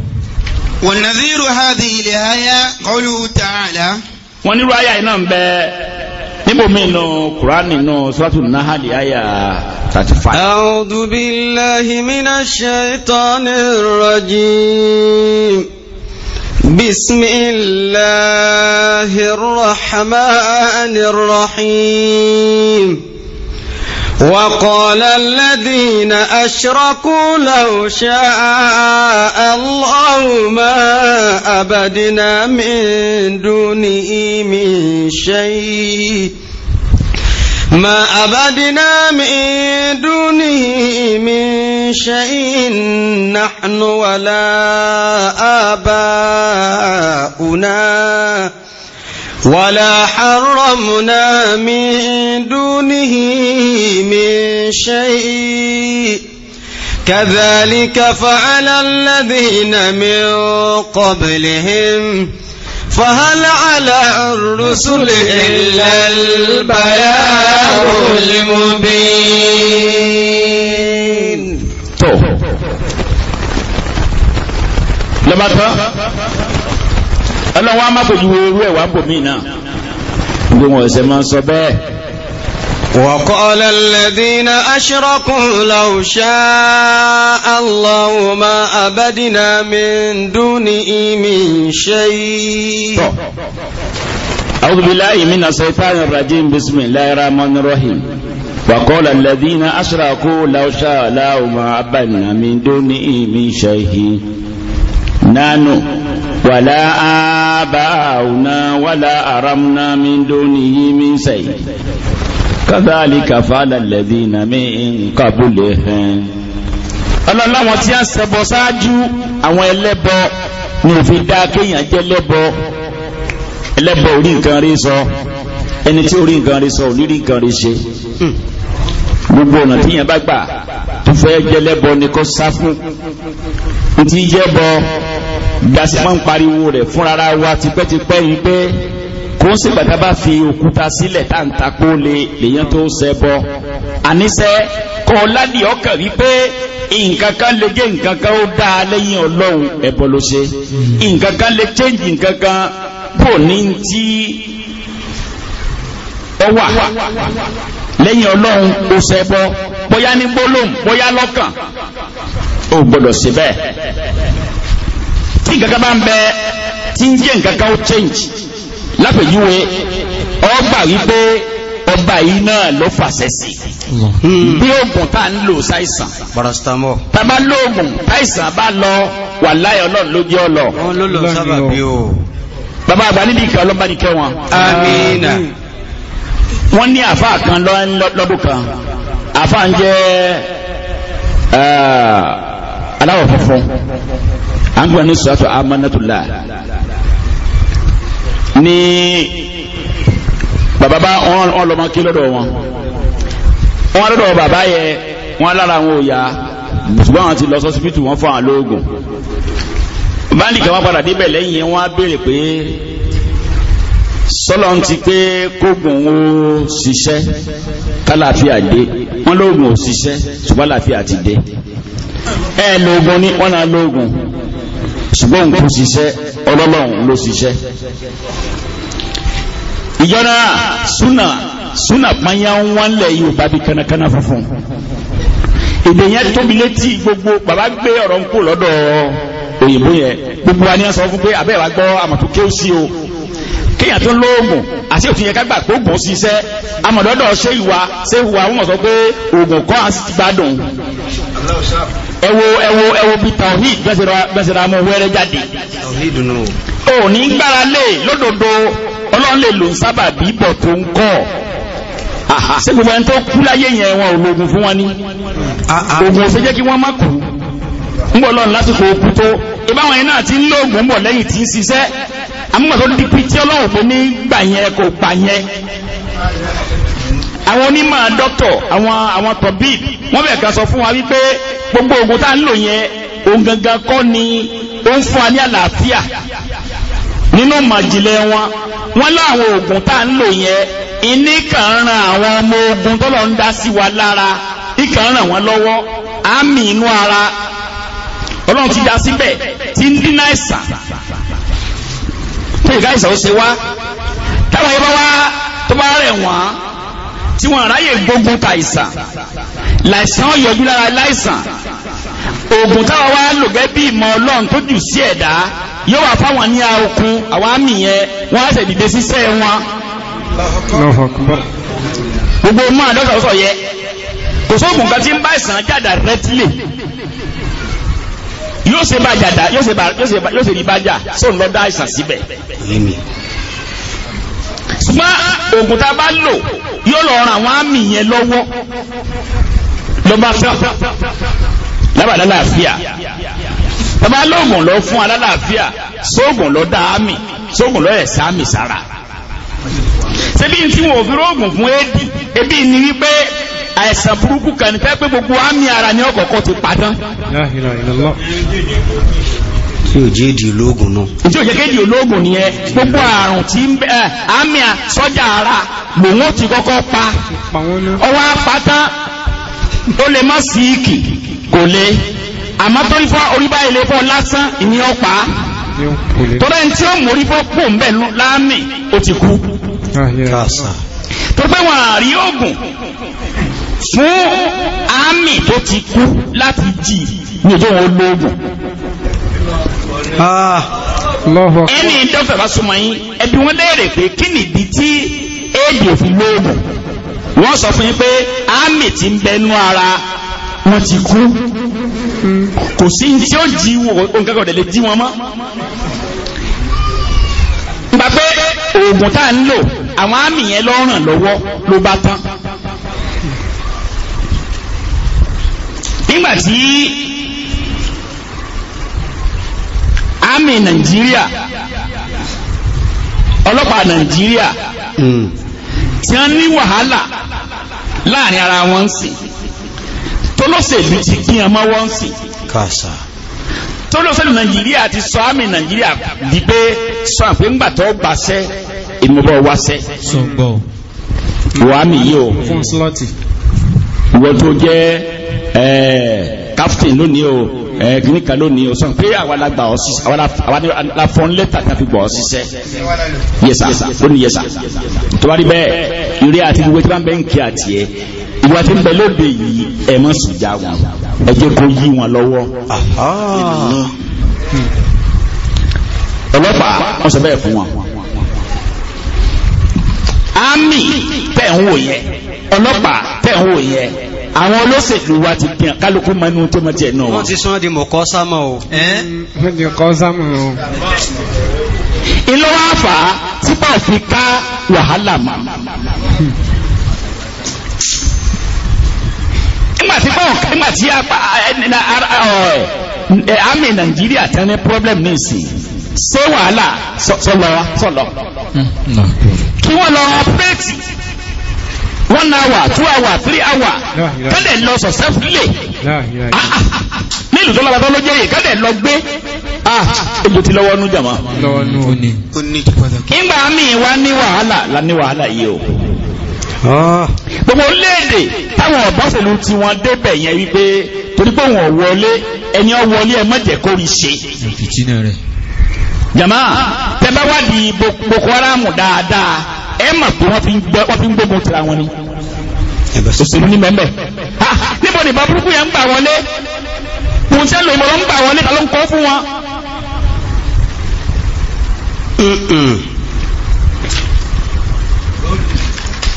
والنذير هذه الآية قوله تعالى wọ́n nírú àyà iná ń bẹ níbòmí inú kùránì inú suratul Nahl àyà 35. أعوذ بالله من الشيطان الرجيم بسم الله الرحمن الرحيم وقال الذين أشركوا لو شاء الله ما أبدنا من دونه من شيء ما أبدنا من دونه من شيء نحن ولا آباؤنا ولا حرمنا من دونه من شيء كذلك فعل الذين من قبلهم فهل على الرسل إلا البيان المبين لما ọlọ́wọ́ á má fojú wo orú ẹ̀ wá bòmí náà gbogbo wọn ọ̀sẹ̀ máa ń sọ bẹ́ẹ̀. وقال الذين أشركوا لو شاء الله ما أبدنا من دونه من شيء أعوذ بالله من الشيطان الرجيم بسم الله الرحمن الرحيم وقال الذين أشركوا لو شاء الله ما أبدنا من دونه من شيء نانو ولا آباؤنا ولا أرمنا من دونه من شيء كذلك فعل الذين من قبلهم ọlọ́láwọn tí a ṣẹbọ ṣáájú àwọn ẹlẹ́bọ ni òfin dá kéèyàn jẹ́ lẹ́bọ ẹlẹ́bọ orí nǹkan rí sọ ẹni tí orí nǹkan rí sọ ò nǹkan rí ṣe gbogbo ọ̀nà tíyàn bá gbà tó fẹ́ jẹ́ lẹ́bọ ni kó sá fún ní ti jẹ́ bọ gbàsí máa ń pariwo rẹ̀ fúnrara wa tipẹ́tipẹ́ yìí pé kò ń sìgbà tá a bá fi òkúta sílẹ̀ tá à ń takó lè lèyàn tó ṣẹ bọ àníṣẹ́ kọ́ ládìí ọkàn wípé nǹkan kan lè gé nǹkan kan ó dáa lẹ́yìn ọlọ́run ẹ̀bọ ló ṣe nǹkan lè change nǹkan bò ní ti ọ wà lẹ́yìn ọlọ́run ó ṣẹ bọ bóyá ní gbólóhùn bóyá lọ́kàn ó gbọ́dọ̀ síbẹ̀ tí nǹkan bá ń bẹ tí ń jẹ́ nǹkan kan ó change lápèjúwe ọgbà wípé ọba yìí náà ló fàṣẹ sí bí oògùn tá ń lò ṣàìsàn parastamọ tàbá lóògùn táìsàn bá lọ wà láyọ̀ ọlọ́run ló jẹ́ ọlọ wọn ló lọ sábà bí o bàbá àgbà níbi ìkà ọlọ́ba ní kẹwọn amina wọ́n ní àfa kan lọ́dún kan àfa ń jẹ́ aláwọ̀ funfun à ń gbà ní ni amánátùlá ní bàbá bá wọn lọ́mọ kí lọ́dọ̀ wọn wọn lọ́dọ̀ bàbá yẹ wọn lára wọn ò yá ṣùgbọ́n àwọn ti lọ sọ́sibítù wọn fún àwọn lóògùn báńdì kan wọn padà débẹ̀ lẹ́yìn yẹn wọn á béèrè pé sọ́lọ́ ń ti pé kógùn ó ṣiṣẹ́ kálàáfíà dé wọ́n lóògùn ò ṣiṣẹ́ ṣùgbọ́n láàfíà ti dé ẹ lóògùn ní wọ́n náà lóògùn ṣùgbọ́n kò ṣiṣẹ́ ọlọ́lọ́run ló ṣiṣẹ́ ìjọra súnà súnà pányá ń wánlẹ̀ Yorùbá bí kánakáná funfun èdè yẹn tóbi létí gbogbo bàbá gbé ọ̀rọ̀ ń kó lọ́dọ̀ òyìnbó yẹn gbogbo wa ní sọ fún pé abẹ́ wa gbọ́ àmọ̀tò kéwù sí o kéèyàn tó lóògùn àti òfin yẹn kágbà pé oògùn ṣiṣẹ́ amọ̀dọ́dọ̀ ṣé ìwà ṣé ìwà wọ́n mọ̀ sọ pé oògùn kọ́ àti gbádùn ẹwọ ẹwọ ẹwọ bí tawhid gbẹ́sẹ̀rẹ̀ amọ̀ wẹ́rẹ́ jáde o ní gbára lè lódodo ọlọ́run lè lò ń sábà bí bọ̀ tó ń kọ́ ṣé gbogbo ẹni tó kú láyé yẹn wọn ò lògùn fún wọn ni ògùn òfin jẹ́ kí wọ́n má kú ń bọ̀ lọ́run lásìkò òkú tó ìbáwọn yẹn náà ti ń lóògùn bọ̀ lẹ́yìn tí ń ṣiṣẹ́ amúgbàtó dípí ọlọ́run fún ní gbà yẹn kò pa yẹn àwọn onímọ̀ dọ́kítọ̀ àwọn àwọn tọ̀bí wọ́n sọ fún wa wípé gbogbo oògùn tá ń lò yẹn òun gangan kọ́ ni ó ń fún wa ní àlàáfíà nínú màjìlẹ̀ wọn wọ́n láwọn oògùn tá ń lò yẹn iní ran àwọn ọmọ ogun tọ́lọ̀ ń dá lára ìkan lọ́wọ́ àmì inú ara ọlọ́run ti dá síbẹ̀ ń tó ìka ó ṣe wá tí wọ́n ráyè gbógun ta àìsàn láìsàn yọjú lára láìsàn oògùn táwọn wá lò gẹ́ bí ìmọ̀ ọlọ́run tó jù sí ẹ̀dá yóò wà fáwọn ní okun àwọn àmì yẹn wọ́n á sì dìde síṣẹ́ wọn. gbogbo mọ́ àdọ́sọ̀ sọ yẹ kò sóògùn kan tí ń bá ìsàn jàdà rẹ́tílè yóò ṣe bá jàdà yóò ṣe rí bá jà sóògùn lọ́dọ̀ àìsàn síbẹ̀. ṣùgbọ́n oògùn tá bá lò yóò lọ ran àwọn àmì yẹn lọ́wọ́ ló bá fẹ́ lábàá lálàáfíà bàbá lóògùn lọ fún alálàáfíà sóògùn lọ dá àmì sóògùn lọ ẹ̀sẹ̀ àmì sára ṣebí tí wọn ò fi fún éèdì ni wípé burúkú kan gbogbo àmì ara ni ti tí ò jẹ́ ológun náà tí ò jẹ́ ni ẹ gbogbo àrùn tí ń bẹ́ àmì ara lòun ti kọ́kọ́ pa ọwọ́ apátá ó lè má sí ìkì kò lè àmọ́ tó ń fọ́ orí báyìí lè fọ́ lásán ìní ọ̀pá tọ́lá ẹni tí ó pò ń bẹ̀ láàmì ó ti kú Ah, ẹni dọ́fẹ̀ bá súnmọ́ yín ẹbí wọ́n léèrè pé kí nìdí tí éèdì òfin lóògùn wọ́n sọ fún yín pé ámì ti ń bẹnu ara wọ́n ti kú kò sí tí ó jí nǹkan kan tẹ̀lé jí wọn mọ́ nígbà pé oògùn tá à ń lò àwọn ámì yẹn ló ràn lọ́wọ́ ló bá tán nígbà tí àmì nàìjíríà ọlọ́pàá nàìjíríà hmm. tí wọ́n ní wàhálà láàrin ara wọn sí tólóṣèlú ti kí wọn mọ́ wọn sí kàṣà tólóṣèlú nàìjíríà ti sọ àmì nàìjíríà di pé sọ àpé ńgbà tó gbàṣẹ ìmọ̀bọ̀ wáṣẹ wàá mi yìí o ìwọ tó jẹ́ ẹ̀ẹ́ lónìí o ẹ eh, kìíní kan lónìí o sọ pé àwa la gbà ọ lẹ́tà tá a fi gbà ọ sísẹ yẹsà lónìí yẹsà tọ́wárí bẹ́ẹ̀ ìrè àti gbogbo tí wọ́n bẹ́ẹ̀ ń kí àti ẹ ìwà tí ń bẹ lóde yìí ẹ mọ̀ sí já wọn ẹ jẹ́ kó yí wọn lọ́wọ́. ọlọ́pàá wọ́n sọ bẹ́ẹ̀ fún wọn. àmì tẹ̀ ń wò ọlọ́pàá tẹ̀ ń wò àwọn olóṣèlú wa ti dìyàn kálukú mọ inú tó mọ tiẹ̀ náà. wọ́n ti sọ́n di mọ̀kọ́ sámọ̀ o. mọ̀kọ́ sámọ̀ o. ìlú wa fà á tí bá fi ká wàhálà mọ́. nígbà tí báwọn nígbà tí àmì nàìjíríà tán ní problem ní ìsìn ṣé wàhálà sọlọ wa sọlọ. Hmm, kí wọ́n lọ ọpẹ́rẹ́tì one hour two hour three hour kẹ́lẹ̀ lọ sọ̀sẹ́ fúlẹ̀ ah, ah, ah. nílùú tó lọ́wọ́ tó ló jẹ́ yìí kẹ́lẹ̀ lọ gbé ojú ti lọ́wọ́ nú jàmá. ìgbà mi wá ní wàhálà la ní wàhálà yìí o. gbogbo orílẹ̀-èdè táwọn ọ̀básẹ̀lú tí wọ́n débẹ̀ yẹn wípé torí pé wọ́n wọlé ẹni ọ wọlé ẹ mọ̀jẹ̀ kó rí ṣe. jàmá tẹ bá wádìí Boko Haram dáadáa ẹ mà pé wọ́n fi ń gbógun tira wọn ni òṣèlú ní mẹ́mẹ́ níbo ni baburúkú yẹn ń gbà wọlé pùnṣẹ́ lò ìmọ̀ràn ń gbà wọlé ta ló ń kọ́ fún wọn.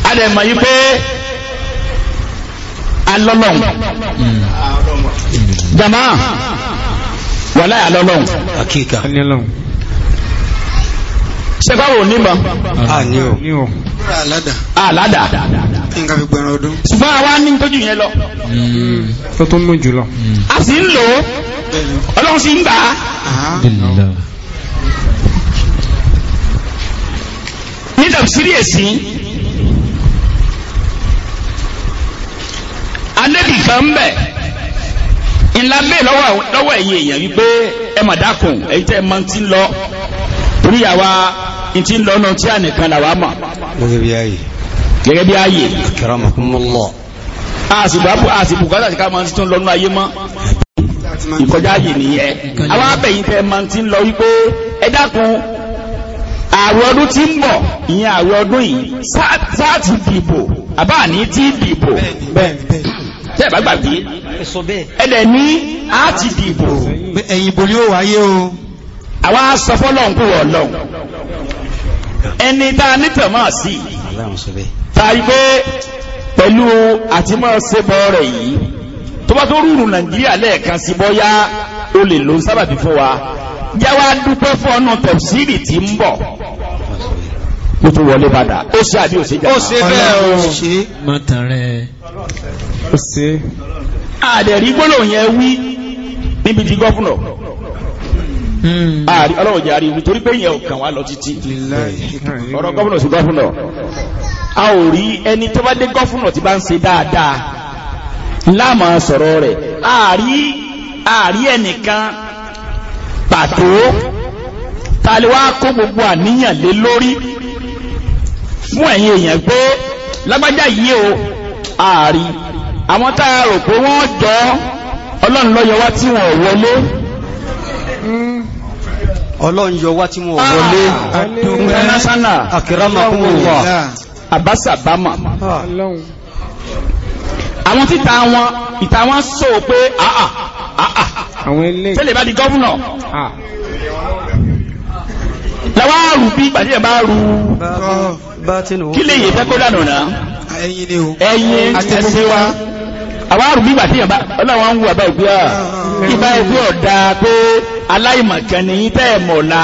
a lè mọ̀ yí pé alọ́lọ́n mm. jama wàlá alọ́lọ́n. akíkà ṣẹfáwò onímọ̀ ah, àládà ah, ṣùgbọ́n àwa ní tójú yẹn lọ hmm. tó tó mú jùlọ hmm. a sì ń lò ọlọ́run sì ń gbà á ní tafsiri èsì anẹ́bì kan ń bẹ̀ ńlá bẹ́ẹ̀ lọ́wọ́ ẹ̀yìn èèyàn wípé ẹ mà dákun èyí tẹ́ ẹ mọ́ ti lọ torí àwa tí ń lọ́nà tí a nìkan làwà mọ̀ gẹ́gẹ́ bí ayé àsìbùkátà ti ká máa tún lọ́nà ayé mọ́ ìkọjá ayé nìyẹn àwọn abẹ̀yìn tẹ máa ti ń lọ wípé ẹ dákun ààrẹ ọdún tí ń bọ̀ ìyẹn ààrẹ ọdún yìí sáàtì dìbò àbá ní tí dìbò tẹ́ bá gbàgbé ẹ̀dẹ̀ ní àti dìbò ẹ̀yìn ìbò ó wáyé o àwọn asọfọ́lọ́nkú ọlọ́run ẹni tá a nítẹ̀ máa sí tàbí pé pẹ̀lú àti máa ṣe bọ́ rẹ̀ yìí tó bá tó rúrùn nàìjíríà lẹ́ẹ̀kan sí bọ́yá o lè lo sábàbí fún wa jáwá dúpẹ́ fún ọ̀nà tẹ̀síìrì tí ń bọ̀ ó tún wọlé padà ó ṣe àbí ó ṣe jà ó ṣe bẹ́ẹ̀ o ṣe mọ́tàn rẹ̀ ó ṣe àdẹ̀rí gbólóhùn yẹn wí níbi ti gọ́fúnà ààrí hmm. ah, ọlọ́run jẹ́ àrí nítorí pé yẹn ò kàn wá lọ títí ọ̀rọ̀ gọ́fúnà sí gọ́fúnà a ò rí ẹni tó bá dé gọ́fúnà tí bá ń ṣe dáadáa láàmà sọ̀rọ̀ rẹ̀ ààrí ààrí ẹnìkan pàtó taliwa kó gbogbo àníyàn lé lórí fún ẹ̀yin èèyàn pé lágbájá yìí o ààrí àwọn tá a rò pé wọ́n jọ ọlọ́run lọ́yọ wá tí wọ́n wọlé hmm ọlọ́run yọ wá tí wọ́n ah. wọlé international akiramakumullah abasabama ah. àwọn títa wọn ìta wọn sọ pé àà ah, àà tẹ́lẹ̀ bá di gọ́vùnà lọ́wọ́ àrù bí ìgbàdí ẹ̀ bá rú kí lè yẹ fẹ́ kó dànù náà ẹ̀yìn ẹ̀sẹ̀ wa àwọn àrùn nígbà tí yàmbá ọlọ́wọ́n ń wù àbá ìgbé à ìbá ẹgbẹ́ ọ̀dà pé aláìmọ̀kan ni yín tẹ́ ẹ̀ mọ̀ la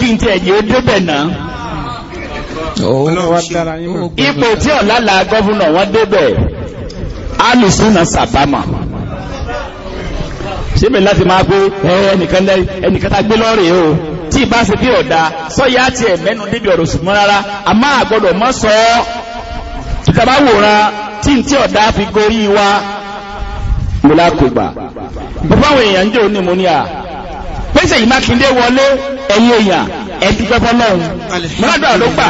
kí n tẹ̀ yé débẹ̀ náà. ipò tí ọ̀la la gọ́fúnà wọn débẹ̀ alùsùnà sàbámọ̀ ṣé mi láti máa pé ẹnìkan lẹ́yìn ẹnìkan tá a gbé lọ́ọ̀rì o tí ìbá ṣe bí ọ̀dà sọ́yà tiẹ̀ mẹ́nu débi ọ̀rọ̀ ṣùgbọ́n rárá àmọ́ àgbọ̀dọ̀ mọ́ sọ ọ́ tìtàbá wòran tí tí ọ̀dá fi gorí wa mo lákògbà èèyàn jẹ́ òní mo ní à pèsè yìí mákindé wọlé ẹ̀yìn èèyàn ẹ̀dí pẹ́pọ́ lọ́hùn mọ́ládọ́ ló gbà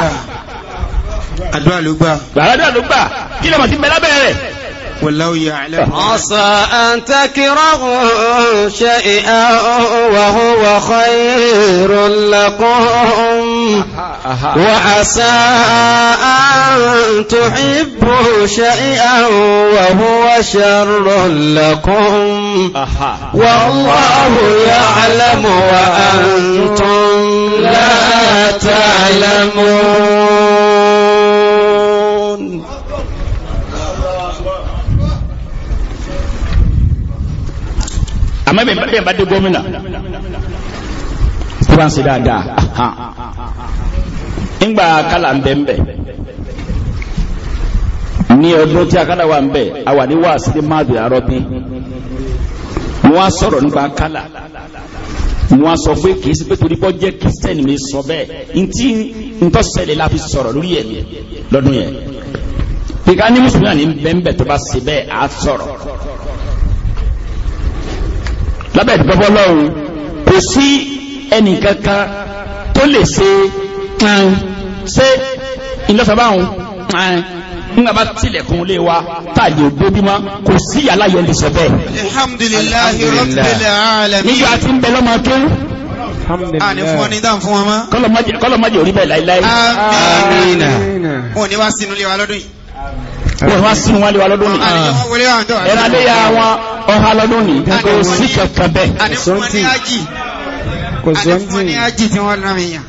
àdúrà ló gbà àdúrà ló gbà kí lọ́mọ ti bẹ́lá bẹ́rẹ̀ والله يعلم عسى أن تكرهوا شيئا وهو خير لكم وعسى أن تحبوا شيئا وهو شر لكم والله يعلم وأنتم لا تعلمون أما bí ẹ̀ bá dé gómìnà tó ńgbà kala ń bẹ ń bẹ ní ọdún tí akálà wà ń bẹ àwà ní wàásù ní máàdì àrọ́bí wọ́n á sọ̀rọ̀ nípa akálà wọ́n á sọ fún kìí sí pé torí bọ́ jẹ́ kírísítẹ́nì mi sọ bẹ́ẹ̀ ntí ntọ́sẹ̀lẹ̀ la fi sọ̀rọ̀ lórí ẹ̀ lọ́dún yẹn pika ní mùsùlùmí àní bẹ́ẹ̀ tó bá ṣe bẹ́ẹ̀ á sọ̀rọ̀ lábẹ́ ìdúgbò kò sí ẹnìkankan tó lè ṣe kan ṣé ìlọ́fẹ́ báwọn nígbà bá tilẹ̀kùn lé wa táàyè gbóbímọ́ kò sí aláyọ̀ lè sọ bẹ́ẹ̀. alhamdulillahi rabbil alamin. níjọ́ àti ń bẹ lọ́mọ tó. a ní fún ọ ní dáhùn fún wọn mọ́. kọ́lọ̀ má jẹ́ orí bẹ́ẹ̀ láíláí. amiina. wọn ò ní wá sínú lé wa lọ́dún yìí. wọn ò ní wá sínú wa lé wa lọ́dún yìí. ẹran lé ya wọn ọha lọ́dún yìí kò sí kankan bẹ́ẹ̀. a ní fún wọn ní ájì tí wọ́n rán mi yàn.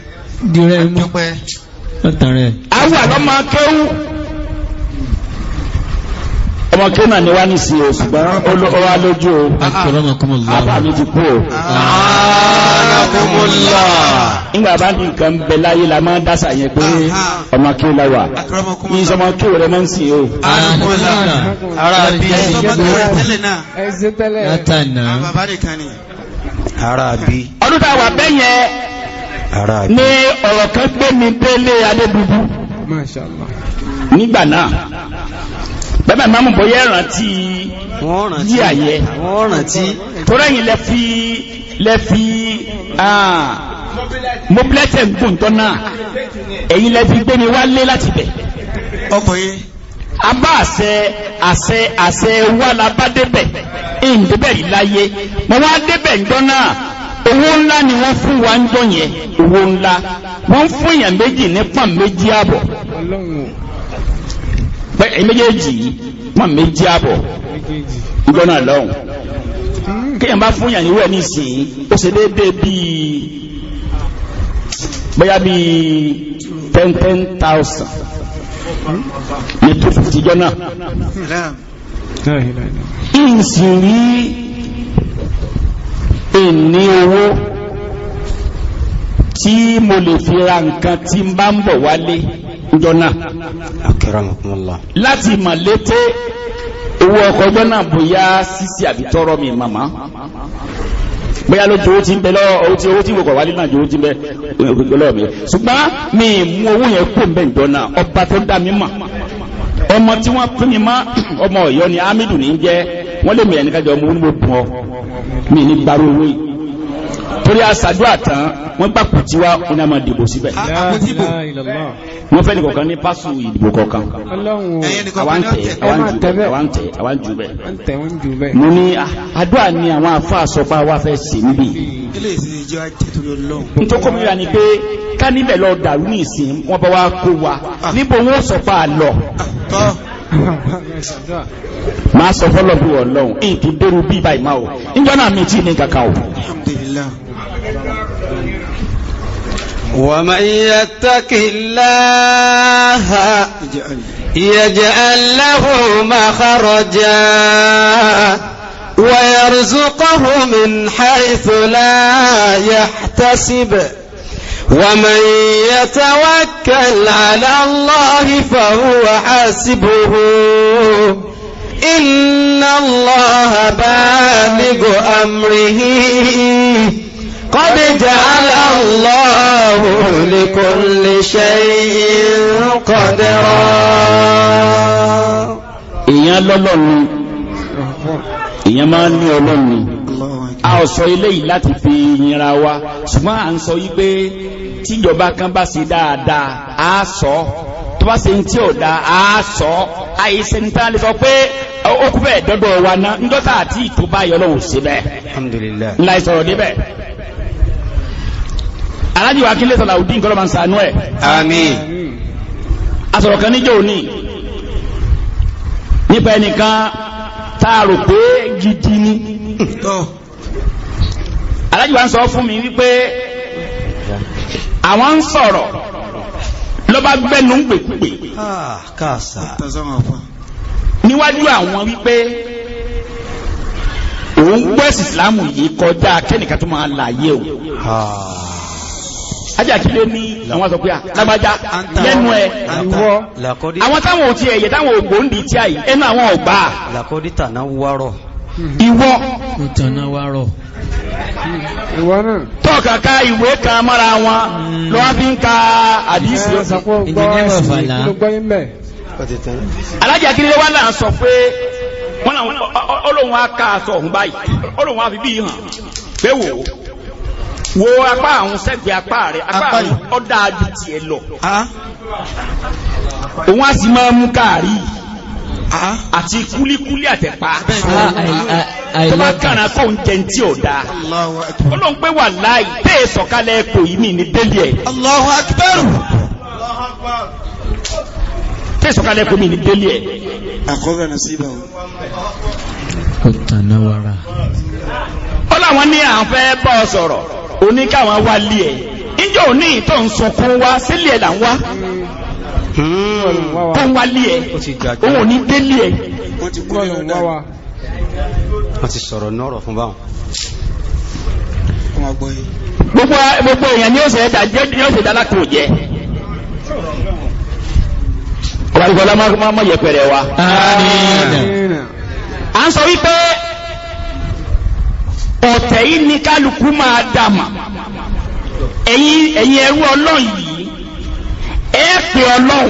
dìrẹ́ mú awà lọ́mọ kéwú ọmọ kéwú náà ni wá ní sí o ṣùgbọ́n olówá lójú o àbá mi ti kú o nígbà bá ní nǹkan bẹ láyé la máa dásà yẹn pé ọmọ kéwú la wà ní ìṣọmọ kéwú rẹ máa ń sìn o. ara bí ẹ ṣe tẹ́lẹ̀ náà ẹ ṣe tẹ́lẹ̀ ara bí. ọdún tá a wà bẹ́yẹn ní ọ̀rọ̀ kan gbé mi délé adédúdú nígbà náà bẹ́ẹ̀ máa mú bóyá ìrántí yí àyẹ tó rẹ̀yìn lẹ fi lẹ fi mobilẹ́tẹ̀ gbòǹtọ́ náà èyí lẹ fi gbé mi wálé láti bẹ̀ ọkùnrin abá àṣẹ àṣẹ àṣẹ wà lábá débẹ̀ ìǹdébẹ̀ yìí láyé mo wá débẹ̀ ń náà owó ńlá ni wọ́n fún wa ń jọ yẹn owó ńlá wọ́n fún èèyàn méjì ní pọ́n méjì àbọ̀ méjèèjì pọ́n méjì àbọ̀ gbọ́nà lọ́hùn kéèyàn bá fún èèyàn ìwé nísìnyí ó ṣe déédéé bíi bóyá bíi ten ten thousand ní two fifty jọ ìsìn yìí ìní owó tí mo lè fi ra nǹkan tí n bá ń bọ̀ wálé jọ́nà láti mọ̀ lété owó ọkọ̀ jọ́nà bóyá sísí àbí tọ́rọ mi màmá bóyá ló jòó ti ń bẹ lọ́wọ́ owó tí owó tí wálé náà jòó ti ń bẹ eh, lọ́wọ́ mi ṣùgbọ́n mi mú owó yẹn kó ń bẹ̀ jọ́nà ọba tó dá mi mọ̀ ọmọ tí wọ́n fún mi má ọmọ ọ̀yọ́ ni Hamidu ní jẹ́ wọ́n lè mú ẹnìkan mú ní mo bùn mi ní gbárò owó yìí torí àṣàdúrà tán wọ́n gbà kù tiwa wọ́n náà máa dìbò síbẹ̀. wọ́n fẹ́ nìkọ̀kan ní pásù ìdìbò kọ̀ọ̀kan àwa ń tẹ̀ àwa ń jù àwa ń tẹ̀ àwa ń jù mo ní ah, àdúrà ni àwọn àfáà sọ pé àwa fẹ́ ṣe níbí. n tó kọ́ mi ra ni pé ká níbẹ̀ lọ dàrú ní ìsìn wọ́n bá wa kó wa ah. níbo wọ́n sọ pé àlọ́ máa sọ fọ́lọ̀ bí wọ́n lọ́hùn èyí tó dérú bí ibà ìmá o níjọ́ náà mi tí ní kàkà o. ومن يتق الله يجعل ويرزقه من حيث لا يحتسب ومن يتوكل على الله فهو حاسبه إن الله بالغ أمره قد جعل الله لكل شيء قدرا إيان لولوني إيان ما أني a ò sọ eléyìí láti fi yinra wa ṣùgbọ́n à ń sọ yí pé tíjọba kan bá ṣe dáadáa a sọ tó bá ṣe ń tí ò da a sọ àìsè ní tá a lè sọ pé ó kú bẹ́ẹ̀ dọ́dọ̀ wa ná ńdọ́ta àti ìtò bá yọ lọ́wọ́ sí bẹ́ẹ̀ alhamdulillah ńlá ìsọ̀rọ̀ débẹ̀ alájì wa kí lè sọ̀rọ̀ àwùdí nǹkan lọ́mọ sànú ẹ̀ àmín asọ̀rọ̀ kan níjọ́ òní nípa ẹnìkan tá a rò pé gidi ni alájùwà ń sọ fún mi wípé àwọn ń sọ̀rọ̀ ló bá gbẹ́nu ń pèpè níwájú àwọn wípé òun gbọ́ ẹ̀sìn ìsìlámù yìí kọjá kẹ́nìkan tó máa láàyè o ajakile ní àwọn sọ pé à lágbájá lẹ́nu ẹ̀ àwọn táwọn ò ti ẹ̀yẹ táwọn ògbóǹdì tí a yìí ẹnu àwọn ọ̀gbà ìwọ tọ́ọ̀kà ká ka mara wọn lọ wá ń ka àdísì alájà kí náà sọ pé wọ́n náà olóhun á ká aṣọ báyìí olóhun hàn pé wò ó wo apá àwọn sẹ́gbẹ̀ apá rẹ̀ apá ọ̀dà àdìtì ẹ̀ lọ òun á sì máa mú káàrí Ah, ah. àti kúlíkúlí àtẹ̀pá ah, tó bá kàrà kó ń jẹ tí ò da ọlọ́run pé wà láì bẹ́ẹ̀ sọ̀kalẹ̀ ẹ̀kọ́ yìí ní ní délé ẹ̀. ẹ̀kọ́ ní ẹ̀. ní o. bọ́ sọ̀rọ̀ oníkàwọn ẹ̀ níjọ́ Hmm. tó ń wá lé ẹ òun ò ní dé lé ẹ. wọ́n ti kọ́ ẹ̀ wá wa. wọ́n ti sọ̀rọ̀ nọ́rọ̀ fún báwọn. gbogbo èèyàn ni ó ṣe dá jẹ́ ni ó ṣe dá láti òjẹ́. ọba ìgbọ́lá máa wa. à ń sọ wípé ọ̀tẹ̀ yìí ni kálukú máa dà mà ẹ̀yin ọlọ́yìn ẹ pè ọlọ́run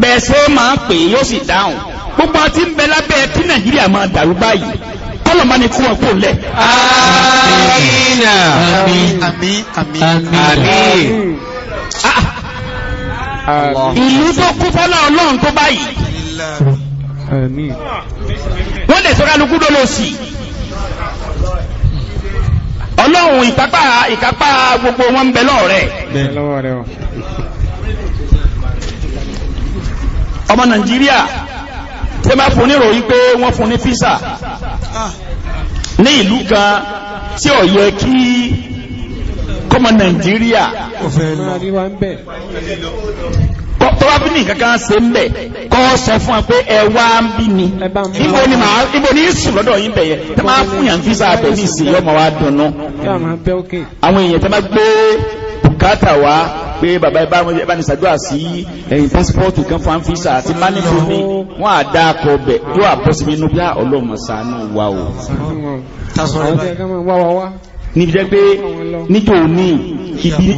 bẹ́ẹ̀ ṣe máa pè yóò sì dáhùn gbogbo àti ń bẹ lábẹ́ kí nàìjíríà máa dàrú báyìí kọ́lọ̀ máa ní kú wọn kò lẹ̀. àmín àmín àmín àmín. ìlú tó kú fọ́lá ọlọ́run tó báyìí. wọ́n lè sọ́ra lukú lọ́lọ́ sí i. ọlọ́run ìkápá gbogbo wọn ń bẹ lọ́ọ̀rẹ́ ọmọ nàìjíríà tí máa fún nírò wípé wọ́n fún ní físà ní ìlú kan tí ó yẹ kí kọmọ nàìjíríà tó bá bí ní kankan ṣe ń bẹ̀ kọ́ sọ fún wa pé ẹ wá ń bí ni ibo ni màá sùn lọ́dọ̀ yín bẹ̀ yẹ tẹ́ fún yàn físà bẹ̀ ní ìsìn yọmọ wa dùnú àwọn èèyàn tẹ́ máa gbé bùkátà wá pé bàbá ìbá ní sàdúrà sí ẹ̀yìn pásípọ́ọ̀tù kan fún àǹfíìsà àti mánífù mi wọ́n dá akọ bẹ̀ yóò àbọ́sí mi núbíà ọlọ́mọ wa o. níbi jẹ́ pé níjọ́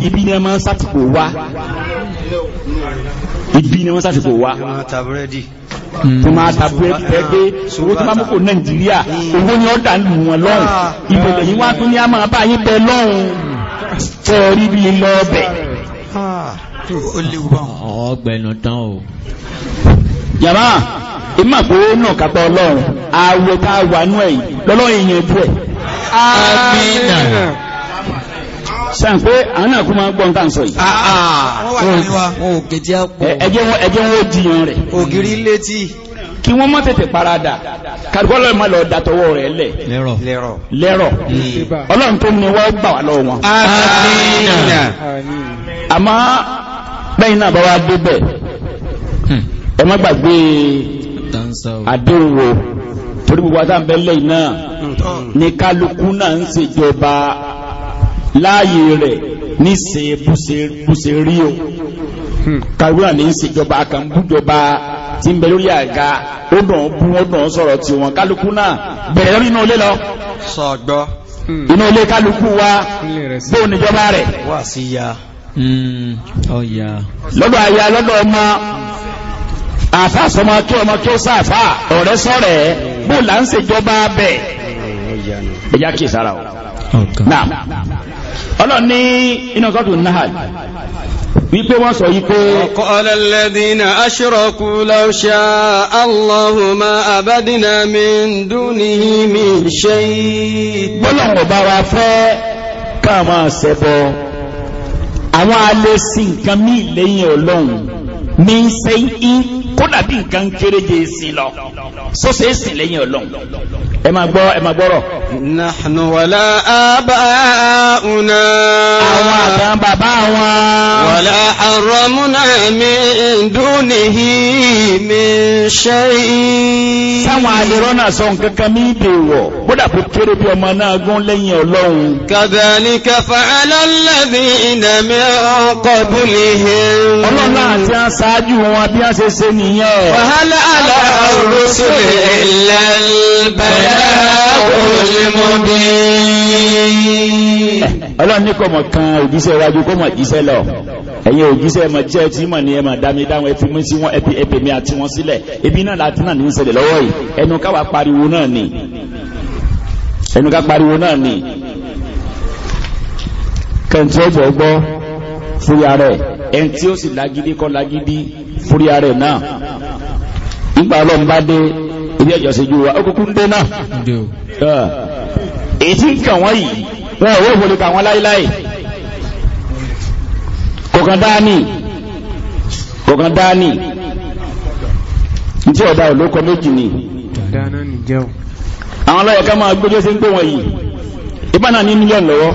ibi ni wọ́n sàtìkò wá ibi ni wọ́n sàtìkò wá tó máa tàbí ẹgbẹ́ pé owó tó máa mú kò nàìjíríà owó ni ó dà lù wọn lọ́rùn ìbẹ̀lẹ̀ yìí wá tún ní a máa bá yín bẹ lọ́rùn tẹ́ẹ̀rí lọ́ọ̀bẹ̀ ó léwu báwọn. ọgbẹnu tán o. jàmá ìmọ̀ pé ó nà kápẹ́ ọlọ́run tá a wà nú ẹ̀ yìí lọ́lọ́run ẹ̀. E. amínà. àwọn náà kú máa gbọ́ nǹkan sọ yìí. Ah, ah. wọ́n wà ní wa. ẹjẹ́ wọn ó jiyàn rẹ̀. ògiri létí. kí wọ́n má tètè parada kàdúgbọ́lọ́ ìmọ̀ lọ dàtọwọ́ rẹ̀ lẹ̀ lẹ́rọ̀ lẹ́rọ̀ ọlọ́run tó ní wọ́n gbà wá lọ́wọ́ wọn. àmọ́ bẹ́yìn náà bá wá débẹ̀ ẹ má gbàgbé àdéhùn torí gbogbo àtàǹbẹ̀lẹ̀ náà ní kálukú náà ń ṣèjọba láàyè rẹ̀ ní ṣe búṣe rí o kàdúgbọ́lọ́ ní ṣèjọba kàn bújọba tí ń bẹ lórí àga ó dùn bú ó dùn sọ̀rọ̀ tí wọn kálukú náà bẹ̀rẹ̀ lórí inú ilé lọ. sọgbọ. Hmm. inú ilé kálukú wa bó níjọba rẹ̀. wà sí hmm. ya. lọ́dọ̀ aya lọ́dọ̀ ọmọ àfa sọmọ kí ọmọ kí ó sáfà ọ̀rẹ́ sọ̀rẹ̀ bó là ń ṣèjọba bẹ̀. ẹ̀yà kìí sára o ọlọ́run ní inú sọ́tù nahal wípé wọ́n sọ wípé ọ̀kọ́lẹ̀ lẹ́dínà aṣírọ̀kú lọ́ṣà allahumma abadina min dúnihì min ṣe gbọ́lọ̀wọ̀ bá wa fẹ́ káàmà ṣẹbọ àwọn alẹ́ sí nǹkan mí lẹ́yìn ọlọ́run mi ń sẹ́yìn kódà bí nǹkan kéréje sí lọ sọ́sẹ̀ lẹ́yìn ọlọ́run ẹ máa gbọ́ ẹ máa gbọ́rọ̀. nahnu wala aba'una. àwọn àtàn bàbá wọn. wala harramna min dunihi min shay'in. sáwọn àlèrọ́ náà sọ nǹkan kan ní ìdè wọ̀ bódà kó kéré bí ọmọ náà gún lẹ́yìn ọlọ́run. kadhalika fa'ala alladhina min qablihim. ọlọ́run àti aṣáájú wọn bí wọ́n ṣe ṣe nìyẹn. wàhálà àlọ́ àrùsùn ilẹ̀ bẹ̀rẹ̀ ọlọ́run ní kọ̀mọ̀ kan òjíṣẹ́ iwájú kọ̀mọ̀ jíṣẹ́ lọ ẹ̀yin òjíṣẹ́ ẹmọ jẹ́ tí mọ̀ ní ẹmọ dámi dáwọn ẹfi mú sí wọn ẹpi ẹpèmí àti wọn sílẹ̀ ebi náà láti náà ní ń ṣẹlẹ̀ lọ́wọ́ yìí ẹnu káwa pariwo náà ni ẹnu ká pariwo náà ni kẹntì ọjọ́ gbọ́ fúri ara ẹ̀ ó sì lágídí kọ́ lágídí fúri ara náà ìgbà ọlọ́run ibi ẹjọ́ sí ju wa ó kúkú ń dé náà èyí tí ń kàn wọ́n yìí wọ́n ò wọlé kà wọ́n láíláì kọ̀kan dání kọ̀kan dání tí ọ̀dá olókọ méjì ni àwọn ọlọ́yẹ̀ ká máa gbójó sí ń gbé wọn yìí ìbá náà ní mílíọ̀nù lọ́wọ́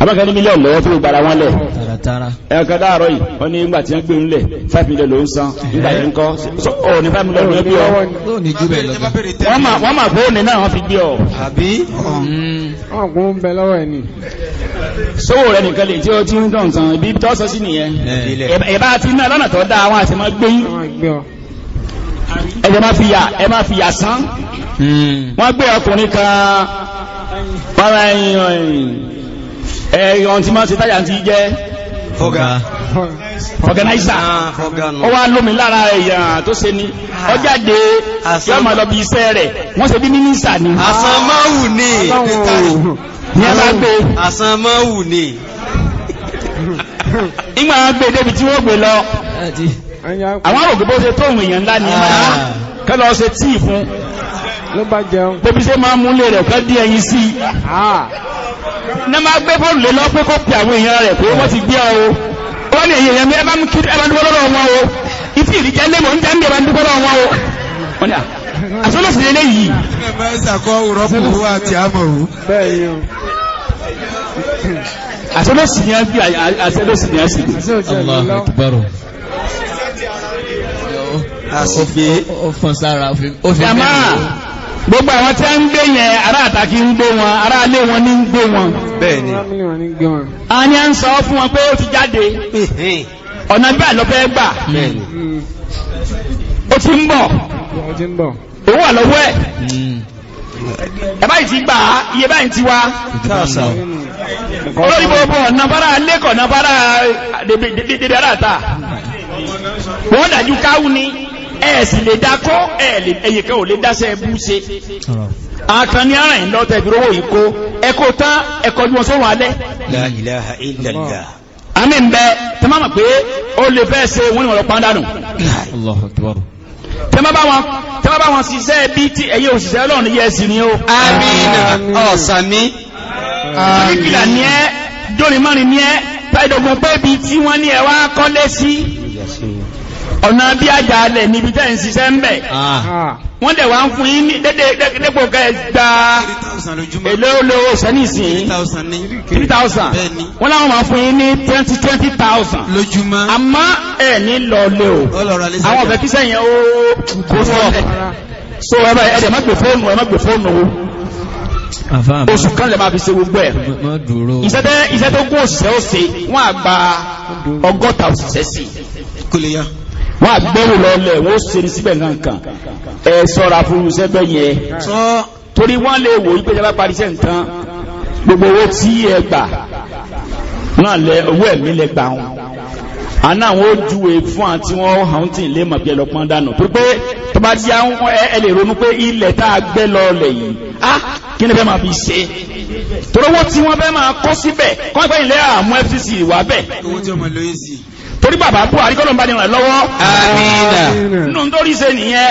abákan ní mílíọ̀nù lọ́wọ́ tó gbára wọn lẹ̀ tààrà. ẹ̀ka dáàrọ̀ yìí wọ́n ní ìgbà tí wọ́n gbé ńlẹ̀ five million ló ń san nígbà yẹn ń kọ́ ọ̀ ní five million ló ń gbé ọ. ló ní jù bẹ́ẹ̀ lọ́dọ̀. wọ́n fóònù náà wọ́n fi gbé ọ. àbí. ọ̀gùn hmm. ń bẹ lọ́wọ́ ẹ̀ ni. sówó rẹ nìkan lè tí ó ti ń dàn tán ibi tó sọ sí nìyẹn. ẹ̀bá ti ná lọ́nà tó dáa wọn àti máa gbé yín ẹjẹ máa fi yà ẹ máa fi yà sán hmm. wọ́n gbé ọkùnrin kan para ẹ̀yìn ẹ̀yìn ọ̀n tí máa ṣe táyà ti jẹ́ fọ́gá fọ́gánáìsà ah, ó wá lómi lára èèyàn tó ṣe ní ọjáde ah. yọ́ ma lọ bí iṣẹ́ rẹ̀ wọ́n ṣe bí mínísà ni àsánmáwù ni ní alágbé àsánmáwù ni ìgbà gbé débi tí wọ́n gbé lọ àwọn àrògbé bó ṣe tóhun èèyàn ńlá ni ah. kẹ́lọ́ ṣe tíì fún ló bá jẹun ní máa gbé bọ́ọ̀lù lé lọ pé kó pe àwọn èèyàn rẹ̀ pé wọ́n ti gbé ọ o wọ́n ní èèyàn mi ẹ bá dúpọ́ lọ́rọ̀ wọn o ìtì ìrìjẹ́ lé mọ̀ ń jẹ́ ń bẹ̀ dúpọ́ lọ́rọ̀ wọn o wọ́n ní àsọ́lọ́sì lélẹ́ yìí. àsọ́lọ́sì ni a bí àsọ́lọ́sì ni a sì dé. Allahu Akbar àsìkè ó fọ́n sára ó fi mẹ́rin gbogbo àwọn tí a ń gbé yẹn ará àtàkì ń wọn ará alé wọn ní ń gbé wọn bẹ́ẹ̀ni a ní a ń sọ fún wọn pé ó ti jáde ọ̀nà bí àlọ́fẹ́ gbà ó ti ń bọ̀ òun wà ẹ̀ ẹ báyìí ti gbà iye báyìí ti wá olórí lẹ́kọ̀ọ́ dèdè wọ́n dájú ni. ẹ̀ẹ̀sì lè dákọ́ ẹ̀yìnkan ò lè dáṣẹ́ ẹbú ṣe àkan ní ara ìlọ́tẹ̀ ìbírówò ìkó ẹkó tá ẹkọ̀ ní wọn alẹ́ La ilaha illallah àmì ń bẹ tẹ máa mọ̀ pé ó lè fẹ́ ṣe wọ́n ìwọ̀n lọ́pàá dànù Allahu Akbar tẹ máa bá wọn tẹ máa bá wọn ṣiṣẹ́ bí ti ẹ̀yẹ òṣìṣẹ́ ọlọ́run yẹ sí ni ó àmín ọ̀sàmí àmín ọ̀nà bí àjàalẹ̀ níbi tẹ́ ń ṣiṣẹ́ ń bẹ̀ ah. wọ́n dẹ̀ wá ń fún yín ní dẹ́pọ̀ kẹ́ gba èlé olówó sẹ́nìsìn 3000 wọ́n láwọn máa fún yín ní 20 20000 lójúmọ́ àmọ́ ẹ̀ ní lọ́ọ̀lẹ́ o àwọn ọ̀fẹ́ kíṣẹ́ yẹn ó kó sọ́ọ̀lẹ̀ so ẹ̀rọ ẹ̀dẹ̀ má gbé fóònù ẹ̀ má gbé fóònù o oṣù kan lè máa fi ṣe gbogbo ẹ̀ iṣẹ́ tó gún òṣìṣẹ́ ó ṣe wọ́n àgbà ọgọ́ta òṣìṣẹ́ sí kò lè yá wọ́n àgbẹ́wò lọ́lẹ̀ wọ́n sèrè síbẹ̀ nǹkan ẹ sọ́ra fún sẹ́bẹ̀ yẹn torí wọ́n lè wò yí pé jẹ́ bá parí iṣẹ́ nǹkan gbogbo owó tí ẹ gbà náà lẹ owó ẹ̀mí lẹ gbà wọn àná àwọn ojúwe fún àti wọn hàn tí lè mọ̀ bí ẹ lọ pọ́n dànù tó pé tó bá ti àwọn ẹ lè ronú pé ilẹ̀ tá a gbẹ́ lọ́ọ̀lẹ̀ yìí á kí ni fẹ́ máa fi ṣe torówó tí wọ́n fẹ́ máa kọ́ síbẹ̀ kọ́ ìpẹ́ ilẹ̀ àmú FCC wà bẹ́ẹ̀. owó tí ọmọ lóyún sí i torí bàbá buhari kọ́nà bá ní ràn lọ́wọ́ àmìnà nínú torí ṣe nìyẹn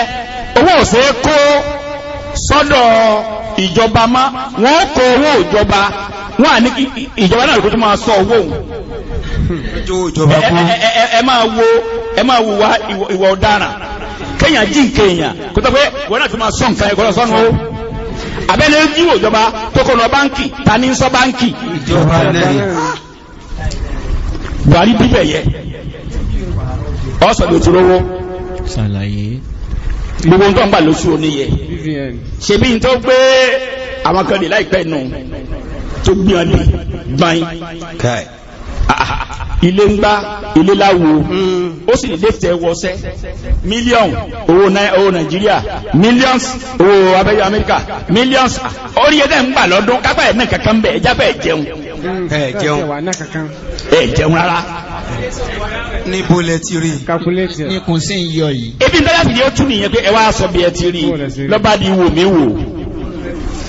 owó òṣè kó sọ́dọ̀ ìjọba má wọ́n kó owó ìjọba wọ́n à ní ìjọba náà lókòtò máa sọ owó ẹ máa wo ẹ máa ọ̀daràn kéèyàn jí nkéèyàn kó tó pé wọ́n náà fi máa sọ nǹkan ẹ̀kọ́ sọ́nu o abẹ́lẹ́ jíwò ìjọba tó kọ́ lọ báńkì ta ní sọ báńkì ìjọba náà buhari bíbẹ̀ yẹ ọ́sọ̀dọ̀ òtúrówó ṣàlàyé gbogbo nǹkan gbà lóṣù oníyẹ ṣe bí n tó gbé àwọn kan lè láìpẹ́ nù tó gbìyànjú gbáyìn ilé ń gbá ilé láwo hmm. ó sì lẹ́fẹ̀ẹ́ wọṣẹ́ million owó owó nàìjíríà millions owó abẹ́yọ amẹ́ríkà millions orí ẹ̀dẹ̀ ń gbà lọ́dún kápá ẹ̀ náà kankan bẹ̀ ẹja bẹ̀ jẹun. ẹ jẹun ẹ jẹun rárá. ní bólẹ̀ ti rí ní kùn sí ń yọ yìí. ebi ń dára sí ni ó tún nìyẹn pé ẹ wá sọ bí ẹ ti rí lọ́ba ni wò mí wò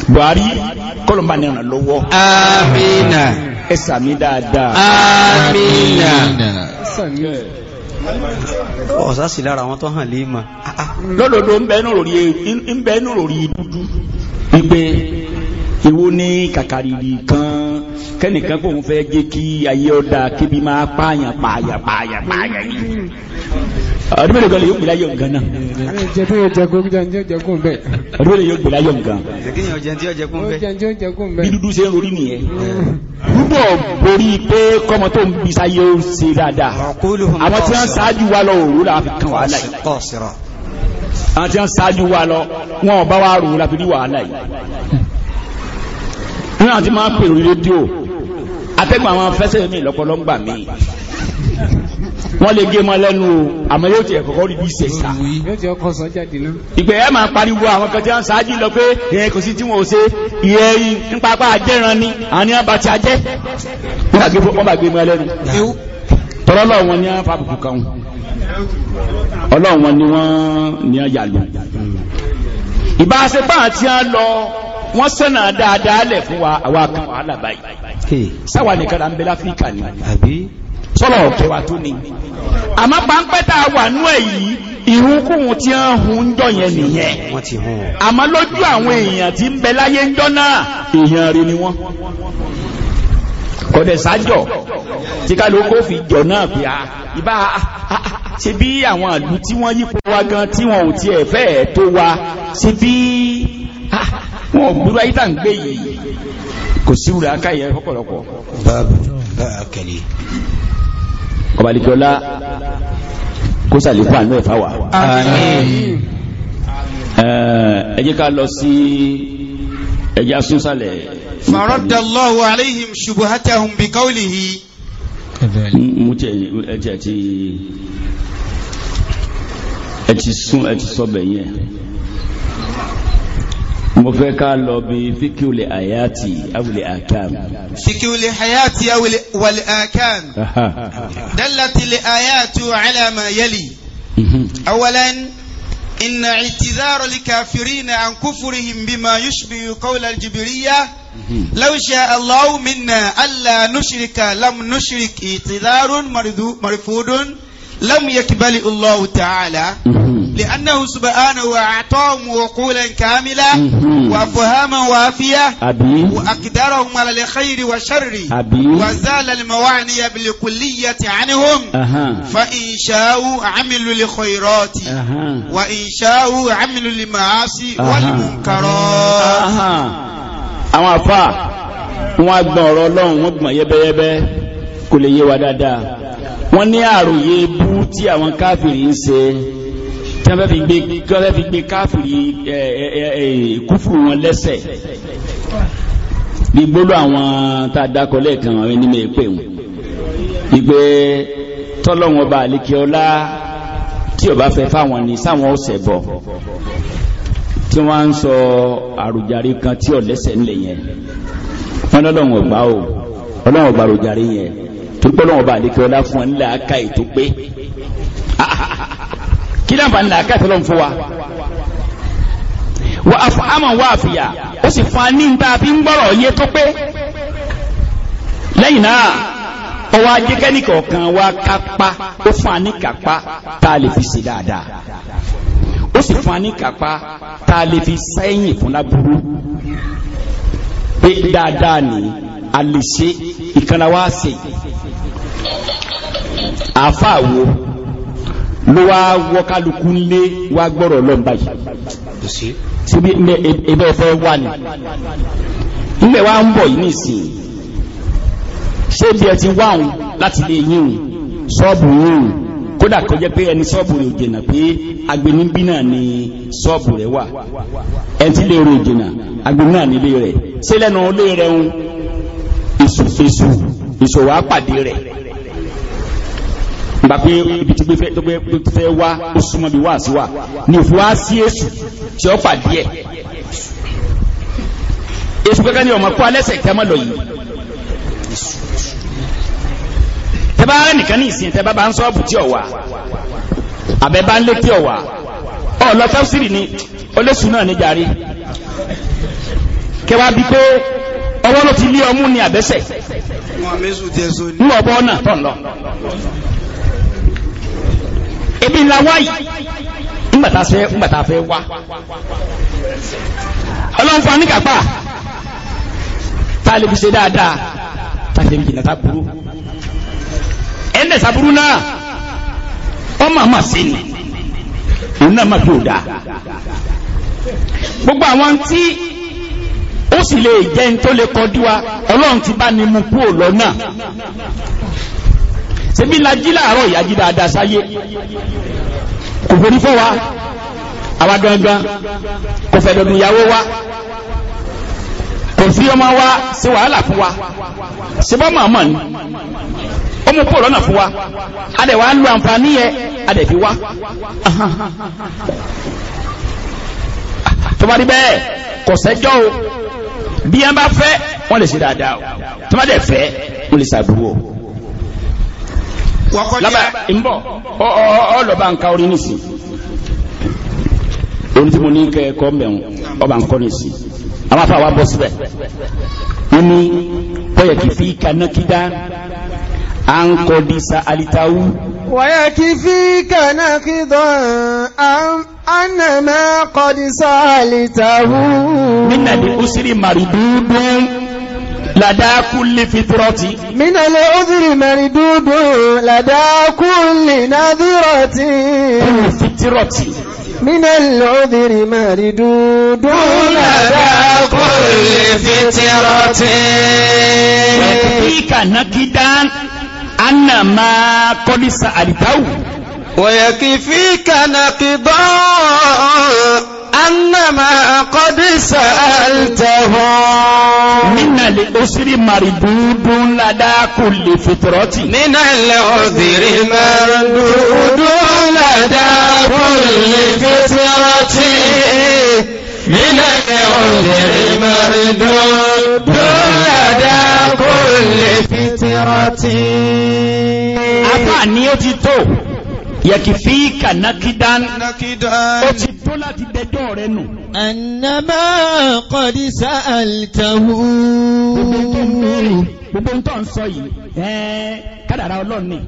Buhari kọlọmba ni ọ̀nà lọ́wọ́. amina. Ah, ẹsàmí dáadáa àmìnà ọ̀sá sí lára àwọn tó hàn lè mọ̀ lọ́dọ̀dọ̀ ń bẹ́ nù lórí dúdú wípé ìwọ ní kàkàrìrì kan kẹ́nìkan kò ń fẹ́ jẹ́ kí ayé ọ̀dà kébí máa pààyàn pààyàn pààyàn pààyàn yìí ọdún mélòó lè yóò gbìlá yóò gan náà. jẹ tó yóò jẹkun jẹ tí yóò jẹkun bẹ. ọdún mélòó yóò gbìlá yóò gan. jẹ tí yóò jẹkun bẹ. bí dúdú ṣe ń rori nìyẹn. rúbọ̀ borí pé kọ́mọ tó ń bisa yé o ṣe dáadáa. àwọn tí wọ́n ṣáájú wa lọ òru la fi kan wàhálà yìí. àwọn tí wọ́n ṣáájú wa lọ wọn ò bá wa rò la fi ní wàhálà yìí. nínú àti máa ń pèrò rédíò atẹ́gbọ̀n àwọn fẹsẹ̀ mi lọ́pọ̀lọ́ ń gbà mí wọ́n lè gé mọ́ lẹ́nu o àmọ́ yóò ti ẹ̀kọ́kọ́ rí bí ṣe sá. ìgbẹ́ ẹ̀ máa pariwo àwọn kan tí wọ́n ṣáájú lọ pé ìyẹn kò sí tí wọ́n ṣe ìyẹn nípa apá àjẹran ni àwọn ní abàtì ajẹ́ wọ́n bá gbé mọ́ lẹ́nu. tọ́lọ́ lọ́wọ́ wọn ní afábùkù kan ọlọ́wọ́ wọn ni wọ́n ní ọjà lọ. ìbáṣepọ̀ àti à lọ wọ́n sẹ́nà dáadáa lẹ̀ fún wa àwọn àkàwọ̀ sọ́lọ̀ ọ̀kẹwà tó ní àmọ́ pàǹpẹ́ta wà nú ẹ̀ yìí ìrúnkúhun tí wọ́n hun ń jọ yẹn nìyẹn àmọ́ lójú àwọn èèyàn tí ń bẹ láyé ń jọ náà èèyàn rí ni wọ́n kọ̀dẹ̀ sájọ̀ tí ká fi jọ náà bí a ìbá ṣe bí àwọn ìlú tí wọ́n yípo wa gan tí wọn ò tiẹ̀ fẹ́ tó wa ṣe bí ah, wọn ò burú ayíta ń gbé yìí kò sí wùrà káyẹ ọbalikọ́lá kó sàlékún àánú ẹ̀fà wà ẹ jẹ́ ká lọ sí ẹjá súnsàlẹ̀ faradallahu alayhim shubuhatahum bi qawlihi mú tẹ̀ ẹ̀tì sún ẹ̀tì mo fẹ́ ká lọ bí fíkíulè àyàtì awulè àkàm fíkíulè àyàtì awulè àkàm dálàtìlè àyàtù àlàmà yẹlì mhm. awalan إن اعتذار الكافرين عن كفرهم بما يشبه قول الجبرية لو شاء الله منا ألا نشرك لم نشرك اعتذار مرفود لم يقبل الله تعالى لأنه سبحانه أعطاهم عقولا كاملة وأفهاما وافية وأقدرهم على الخير والشر وزال الموانع بالكلية عنهم فإن شاءوا عملوا لخيرات وإن شاءوا عملوا لمعاصي والمنكرات àwọn فا وما gbọ́n ọ̀rọ̀ Ọlọ́run wọn gbọ́n yẹ́bẹ́yẹ́bẹ́ kò lè yé wa dáadáa wọ́n ní àròyé bú tí àwọn káfìrí ń ṣe tí wọ́n fẹ́ fi gbé káfìrí kúfùrù wọn lẹ́sẹ̀ bí gbólú àwọn tá a dákọ lẹ́ẹ̀kan àwọn ẹni mẹ́ẹ̀ pè wọ́n ìgbé tọ́lọ́wọ́n bá àlékè ọlá tí ọba fẹ́ fáwọn ní sáwọn ọ̀sẹ̀ bọ̀ tí wọ́n ń sọ àròjàre kan tí ọ̀lẹ́sẹ̀ ńlẹ̀ yẹn wọ́n lọ́lọ́wọ́n gbá o ọlọ́wọ́n gbàròjàre yẹn tó gbọ́lọ́wọ́ bá àlékẹ́ ọlá fún ọ nílẹ̀ aka ètò pé kí láǹfà nílẹ̀ aka ètò fún wa wà á fún àmọ̀ wà á sì fún a ní níta fi ń gbọ́rọ̀ yé tó pé lẹ́yìn náà ọwọ́ ajẹ́kẹ́ nìkọ̀ọ̀kan wa kápá ó fún a ní kápá tá a lè fi ṣe dáadáa ó sì fún a ní kápá tá a lè fi sẹ́yìn fún láburú pé dáadáa ni a lè ṣe ìkànnà wa ṣe àáfà wo ló wá wọ́ kálukú lé wá gbọ́rọ̀ lọ́nba yìí síbi ẹbẹ́ fẹ́ wà ní ilẹ̀ wa ń bọ̀ yìí nìsín ṣé bí ẹ ti wá òun láti lè yín ṣọ́ọ̀bù yín kódà kó jẹ́ pé ẹni ṣọ́ọ̀bù rẹ̀ pé agbẹnibí náà ni ṣọ́ọ̀bù rẹ̀ wà ẹ ti lè rò jìnnà agbẹnibí náà nílé rẹ̀ ṣé lẹ́nu ilé rẹ̀ ń èso èso rẹ̀. gbà pé ibi tí gbé fẹ́ wa ó súnmọ́ bí wa sí wá ní òfin wá sí èsù tí ó pàdé ẹ̀ èsù kankan ní ọmọ kó alẹ́sẹ̀ kẹ́ mọ́ lọ yìí tẹ́bá nìkan ní ìsìn tẹ́bá bá ń sọ́ọ̀bù tí ọ̀wà àbẹ́bá ń lé tí ọ̀wà ọ̀lọ́ tẹ́sírì ni olóṣù náà ní jàre kẹwàá bí pé ọwọ́ ló ti lé ọmú ni àbẹ́sẹ̀ ń ọ̀bọ náà tọ̀ lọ ebi ńlá wáyì nígbàtà fẹ́ wá ọlọ́run fún aníkàpá tá lè fi ṣe dáadáa tá lè fi jìnà tá burú ẹ̀ndẹ̀ sàbúrú náà ọmọ àmà sí ni òun náà má fi òdà gbogbo àwọn tí ó sì lè jẹ́ ń tó lè kọjú wa ọlọ́run ti bá ní mú kúrò lọ́nà ṣe bí lají láàárọ̀ ìyájí dáadáa sáyé kò forí fọ́ wa àwa gangan kò fẹ̀dọ̀dùn ìyàwó wa kò sí ọmọ wa ṣe wàhálà fún wa ṣe bá màmá ni ó mú pò lọ́nà fún wa adẹ̀ wa ń lo àǹfààní yẹ adẹ̀ fi wá tó bá rí bẹ́ẹ̀ kò sẹ́jọ́ o bí ẹ bá fẹ́ wọ́n lè ṣe dáadáa o tó fẹ́ wọ́n lè ṣàbúrò o ìbọ̀ ọlọ́ba nǹkan orí nìsín ohun tí mo ní kẹ́ ẹ̀kọ́ mẹ́rin ọba nǹkan nìsín àwọn afáwa bọ́ síbẹ̀ wọ́n ní kọ́yẹ̀ kì í fi kanákídá à ń kọ́ di sa alitawu. wọ́yẹ̀ kì í fi kanákídá ànàmẹ́ kọ́ di sa alitawu. nínà ní usiri màrúdúdú làdákúlé fitrọ́tí. mínàlẹ̀ òzìrì mẹ́rin dúdú làdákúlé nàdírọ̀tí. kúrò fitrọ́tí. mínàlẹ̀ òzìrì mẹ́rin dúdú làdákúlé fitrọ́tí. wẹ̀kíkà nákídán anna ma kọ́dísà àlìtáwù. wẹ̀kíkà nákídán annama qad sa'altahum minal usri maridudun lada kulli fitrati minal usri maridudun lada kulli fitrati minal usri maridudun lada kulli fitrati afa ni ó ti tó yẹ̀kìfíkà nákídán ó ti tó láti dẹjọ́ rẹ nù. ànàmá kọ̀dísà àlìtàwù. gbogbo ń tọ́ ń sọ yìí ẹ́ẹ́ kádàrá ọlọ́run ni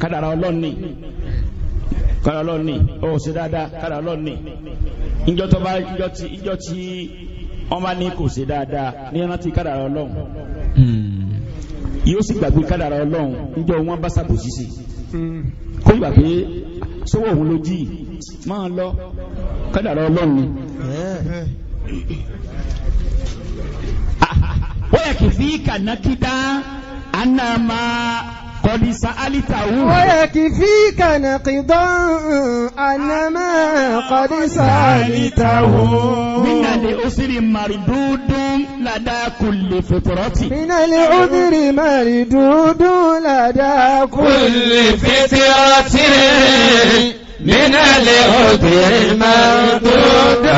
kádàrá ọlọ́run ni kádàrá ọlọ́run ni ó ṣe dáadáa kádàrá ọlọ́run ni ìjọ tó bá ìjọ tí ìjọ tí wọ́n bá ní kò ṣe dáadáa ní rántí kádàrá ọlọ́run hmm. yóò sì gbàgbé kádàrá ọlọ́run níjọ wọn bá ṣàbòsí sí i kó ìgbà pé sówó òun ló jí máa lọ kádàrá ọlọ́run ni ó yẹ kì fi kànákídá anáma kọ̀dí sa'alitahu ó yẹ kì fi kànákídá anáma kọ̀dí sa'alitahu nínà lè ó sírí màrìdúdú لدى كل فترة من العذر مردود لدى كل فترة من العذر مردود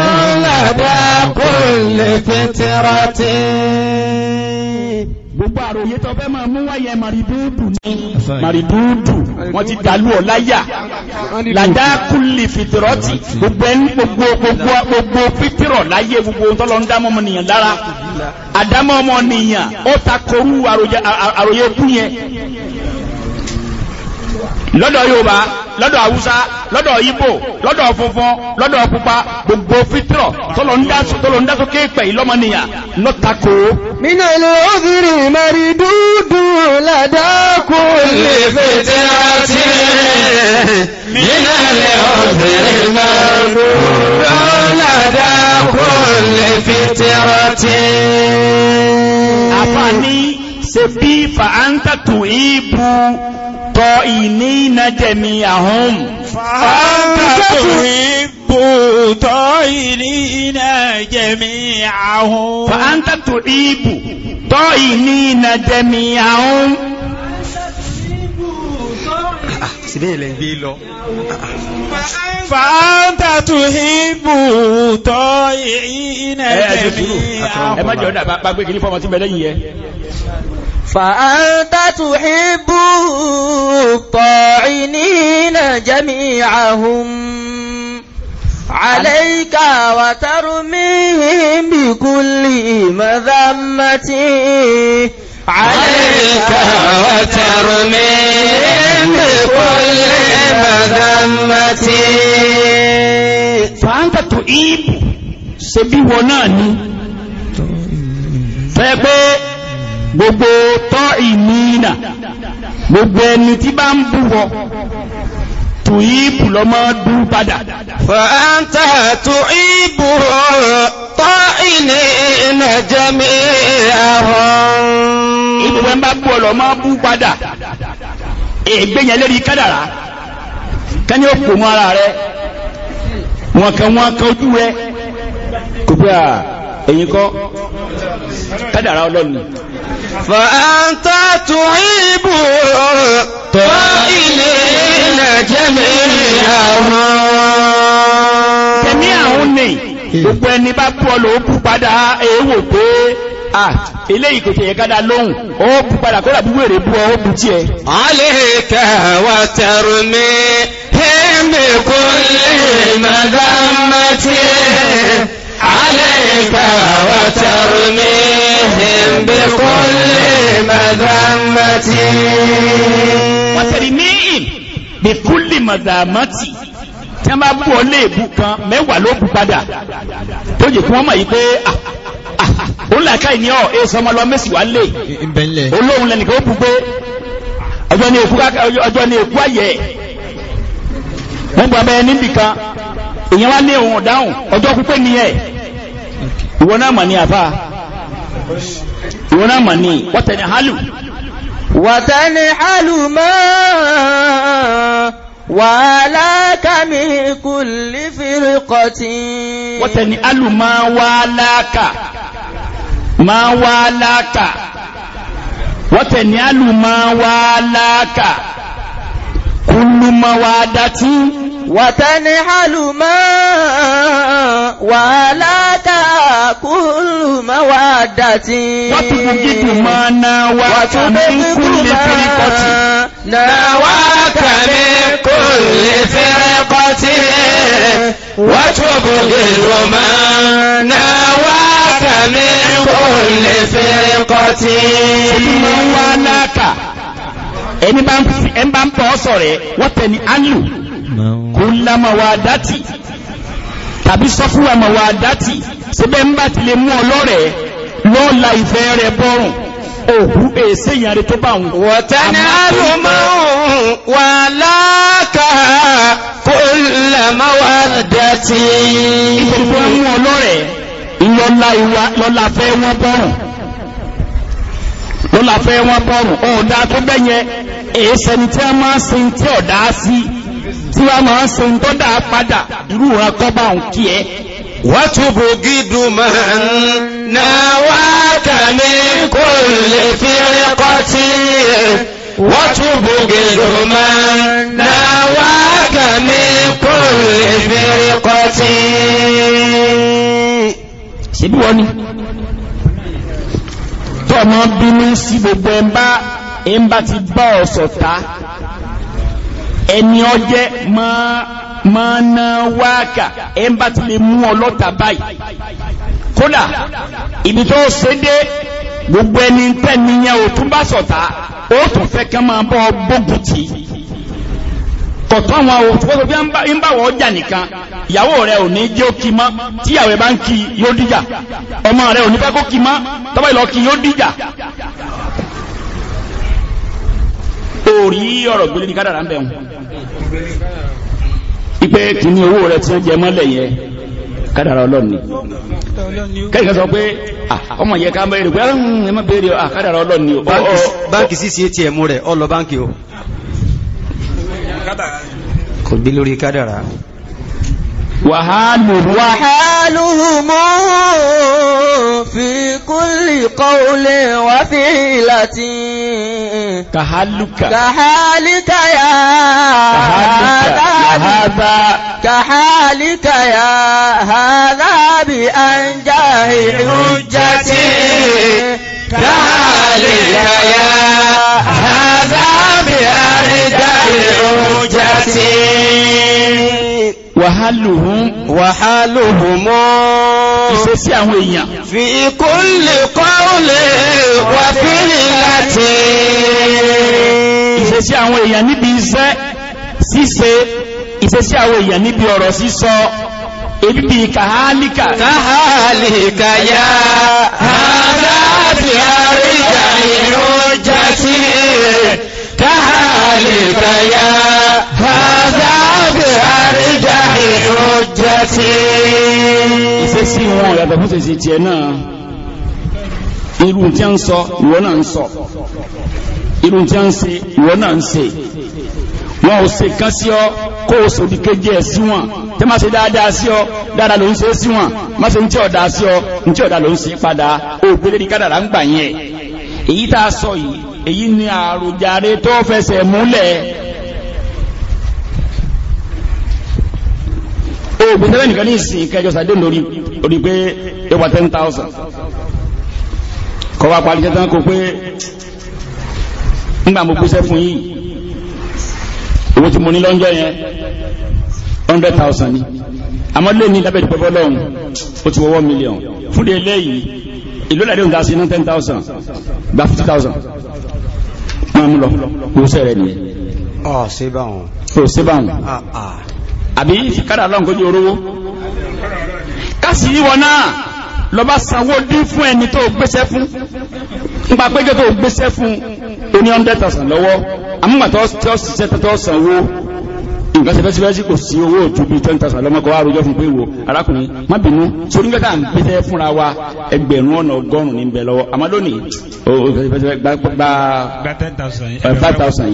لدى كل فترة gbogbo àròyé tó fẹ́ máa mú wáyẹ màrìdúdù ní màrìdúdù wọ́n ti dàlú ọ̀láyà làdákùlì fìtìrọ́tì gbogbo ẹni gbogbo gbogbo gbogbo fìtìrọ̀ láyé gbogbo tọ́lọ ń dámọ́ ọmọnìyàn lára àdámọ́ ọmọnìyàn ó takorú àròyé kú yẹn lọ́dọ̀ Yorùbá lọ́dọ̀ haúsá lọ́dọ̀ ibo lọ́dọ̀ funfun lọ́dọ̀ pupa gbogbo fitrọ tọ́lọ ń dá sókè pẹ̀ ìlọ́mọnìyà lọ́tàkó. nínú ilé òfìrí mẹ́rí dúdú ládàkó lè fètè àti nínú ilé òfìrí mẹ́rí dúdú ládàkó lè fètè àti. àfààní ṣe bí fàáńtà tó ìbú tọ́ ìní ìnájẹ̀mí àhún fàántàtùhìbù tọ́ ìní ìnájẹ̀mí àhún fàántàtùhìbù tọ́ ìní ìnájẹ̀mí àhún síbí ilẹ̀ gbé lọ fàántàtùhìbù tọ́ ìní ẹ má jẹ́ ọ̀dà bá kìí fọ́mọ tí bẹ̀rẹ̀ yìí ẹ فأنت تحب الطاعنين جميعهم عليك وترميهم بكل مذمة عليك وترميهم بكل مذمة فأنت تحب ṣebí wọn náà ni fẹ́ pé gbogbo tọ́ ìmìnà gbogbo ẹni tí bá ń búwọ tó ìbù lọ́mọ́ dú padà fa'anta tó ìbù tọ́ ìní ìnà jẹ́mí àwọn ìbùwẹ́ ń bá bú ọlọ́mọ́ bú padà ègbéyàn lérí kádàrá kẹ́ni ó mọ́ ara rẹ wọn kan wọn kan ojú rẹ kò pé à ẹ̀yìn kọ́ kádàrá ọlọ́run فأنت تحب طائلين جميعهم جميعهم ni gbogbo ẹni bá kú ọlọ ó kú padà èèwò pé à eléyìí kò tẹ̀yẹ kádà lóhùn ó kú padà kó dàbí wèrè bú ọ ó bú tiẹ̀. àlékà wà tẹ̀rù mi hẹ́mi kò lè màdámà tiẹ̀. عليك وترميهم بكل مذمة وترميهم بكل مذمة tí a máa bú ọ léèbú kan mẹ́wàá ló bú padà ah, ah, ó làákà ìní ọ̀ èso ọmọ lọ mẹ́sì wá lè olóhun lẹ́nìkan ó bú pé ọjọ́ èkú ayẹ̀ wọ́n bú abẹ́ níbì kan èyàn wá lé òun ọ̀dáhùn ọjọ́ pípẹ́ ní ẹ̀ ìwọ náà mà ní àfá ìwọ náà mà ní wọ́tẹ̀ni hálù wọ́tẹ̀ni hálù mọ́ wàhálàkà mi kù lífìrí kọtí wọ́tẹ̀ni hálù máa wàhálàkà máa wàhálàkà wọ́tẹ̀ni hálù máa wàhálàkà kùlùmọ̀ wàhádàtí وتنحل ما ولا تأكل موادة وتبجد ما نواك من كل فرقة نواك من كل فرقة وتبجد ما نواك من كل فرقة نواك ẹni bá ń bọ́ sọ̀rẹ̀ wọ́n kúlá mawadati tàbí sọ́fúwà mawadati síbẹ̀ ń bá ti lè mú ọlọ́rẹ̀ lọ́la ìfẹ́ rẹ̀ bọ́rùn òhú èsè ìyàrí tó bá wọn. wọ̀tẹ́ni àlùmọ́ wà láàkà kúlá mawadati. ìfẹ́ mú ọlọ́rẹ̀ lọ́la ìwà lọ́la fẹ́ wọn bọ́rùn lọ́la fẹ́ wọn bọ́rùn ọ̀dà tó bẹ́yẹn èsẹni tí a máa sin tí ọ̀dá sí tí wọ́n máa ń se ń tó dáa padà irú wọn kọ́ bá ń kí ẹ. wọ́n tún bò gídù máa ń na wá kàmí kò lè fi rẹ́kọ́ tí wọ́n tún bò máa ń na wá kàmí kò lè fi rẹ́kọ́ tí. ṣebí wọ́n ni tọ́mọ bínú sí gbogbo ẹ̀ ń bá ti bá ọ̀sọ̀ta ẹni ọjẹ́ máa ná wáàkà ẹ ń bá ti lè mú ọlọ́ta báyìí kódà ibi tó ṣe dé gbogbo ẹni tẹ́ni yẹn ò tún bá sọ̀tà ó tún fẹ́ kán máa bọ́ gbógun tì í kọ̀tọ́ àwọn òfúrúfú bí ń bá wọ́ jà nìkan ìyàwó rẹ̀ ò ní jẹ́ ó kí mọ́ tí ìyàwó rẹ̀ bá ń kí yóò dìjà ọmọ rẹ̀ ò ní fẹ́ kó kí mọ́ tọ́bá ìlọ kí yóò dìjà orí ọ̀rọ̀ gbélé ní kádàrà ń bẹ̀ wọn ipe kìíní owó rẹ̀ tí ó jẹ mọ́lẹ̀ yẹ kádàrà ọlọ́run ni kẹ́kẹ́ sọ pé ọmọ yẹ ká bẹ̀rẹ̀ pé ẹ má bẹ̀rẹ̀ kádàrà ọlọ́run ni báńkì sí sí atm rẹ̀ ó lọ báńkì o kò dé lórí kádàrà وحالهم وحالهم في كل قول وفعلة كحالك كحالك يا هذا كحالك يا هذا بأنجاه حجتي كحالك يا هذا بأنجاه حجتي wàhálùhùn mọ́ ìṣesí àwọn èèyàn fi ikú lè kọ́ lè wà fílì láti ìṣesí àwọn èèyàn níbi iṣẹ́ ṣíṣe ìṣesí àwọn èèyàn níbi ọ̀rọ̀ sísọ ebibi kàhálíkà kàhálíkà yá àdáàbí àríjà ìrọ̀jà sí kàhálíkà yá hujjati ìfẹ́ sí wọn yàtọ̀ fún sèṣì tiẹ̀ náà irú tí a ń sọ ìwọ náà ń sọ irú tí a ń ṣe ìwọ náà ń ṣe wọn ò ṣe kan sí ọ kó o sòdì kejì ẹ̀ sí wọn tí máa ṣe dáadáa sí ọ dáadáa ló ń ṣe sí wọn máa ṣe ń tí ọ̀dà sí ọ ń tí ọ̀dà ló ń ṣe padà ó gbélé ní ń gbà yẹn èyí tá a sọ yìí èyí ni àròjàre tó fẹsẹ̀ múlẹ̀ òògùn tẹ́lẹ̀ nìkan ní ìsìn kẹjọ sàdé lórí orí pé ẹwà 10,000 kọwa parí jẹta kò pé ńgbà mo gbéṣẹ́ fún yìí owó tí mo ní lọ́njọ́ yẹn 100,000 ni àmọ́ lè ní lábẹ́ ìpẹ́fọ́ lọ́hùn ó ti wọ́wọ́ mílíọ̀n fúdé eléyìí ìlú làdé òǹga sí ní 10,000 gba 50,000 máa mú lọ kó sẹ́rẹ̀ nìyẹn. ọ̀ síbáwọn. ọ̀ síbáwọn àbí kára ọlọ́run kójú orówó kásì yíwọ náà lọ́ba sanwó dín fún ẹni tó gbéṣẹ́ fún nípa péjọ tó gbéṣẹ́ fún oní lọ́wọ́ àmúgbàtọ́ ṣiṣẹ́ tó sanwó nǹkan sẹfẹsẹfẹsẹ kò sí owó òtú bíi ten thousand lọ́mọkọ wa fún pé wo arákùnrin má bínú sórí nǹkan tá à ń pèsè fúnra wa ẹgbẹ̀rún ọ̀nà ọgọ́rùn ní bẹ̀ lọ́wọ́ àmọ́ gba gba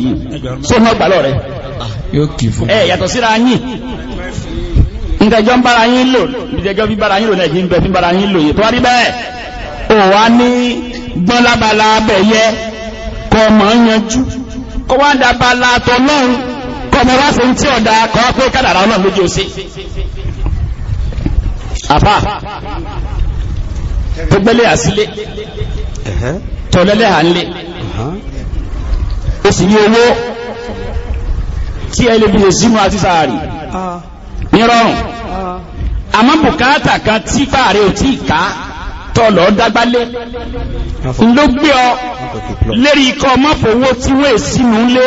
yìí so náà gbà lọ́rẹ̀ ah, ẹ yàtọ̀ síra yín nǹkan ń bára yín lò ìjẹjọ́ bí bára yín lò náà ń bẹ bí bára yín lò yìí tó wá rí bẹ́ẹ̀ ò wá ní gbọ́n lábala abẹ̀yẹ kọ́ mọ̀ ń yanjú kọ́ wá dábala tọ́ kọmọ wá sí tí ọ̀dá kọ́ pé kádàrà náà lójú sí àfá tó gbẹ́lẹ̀ àsílé tọ́lẹ́lẹ́ à ń lé ó sì ní owó tí ẹ lè bí òsínú àti sàárì ní rọrùn àmọ́ bùkátà kan tí fàárẹ ò tí ká tọ́lọ̀ dágbálé ló gbé ọ lérí ikọ̀ mọ́fowó tí wọ́n èsínú lé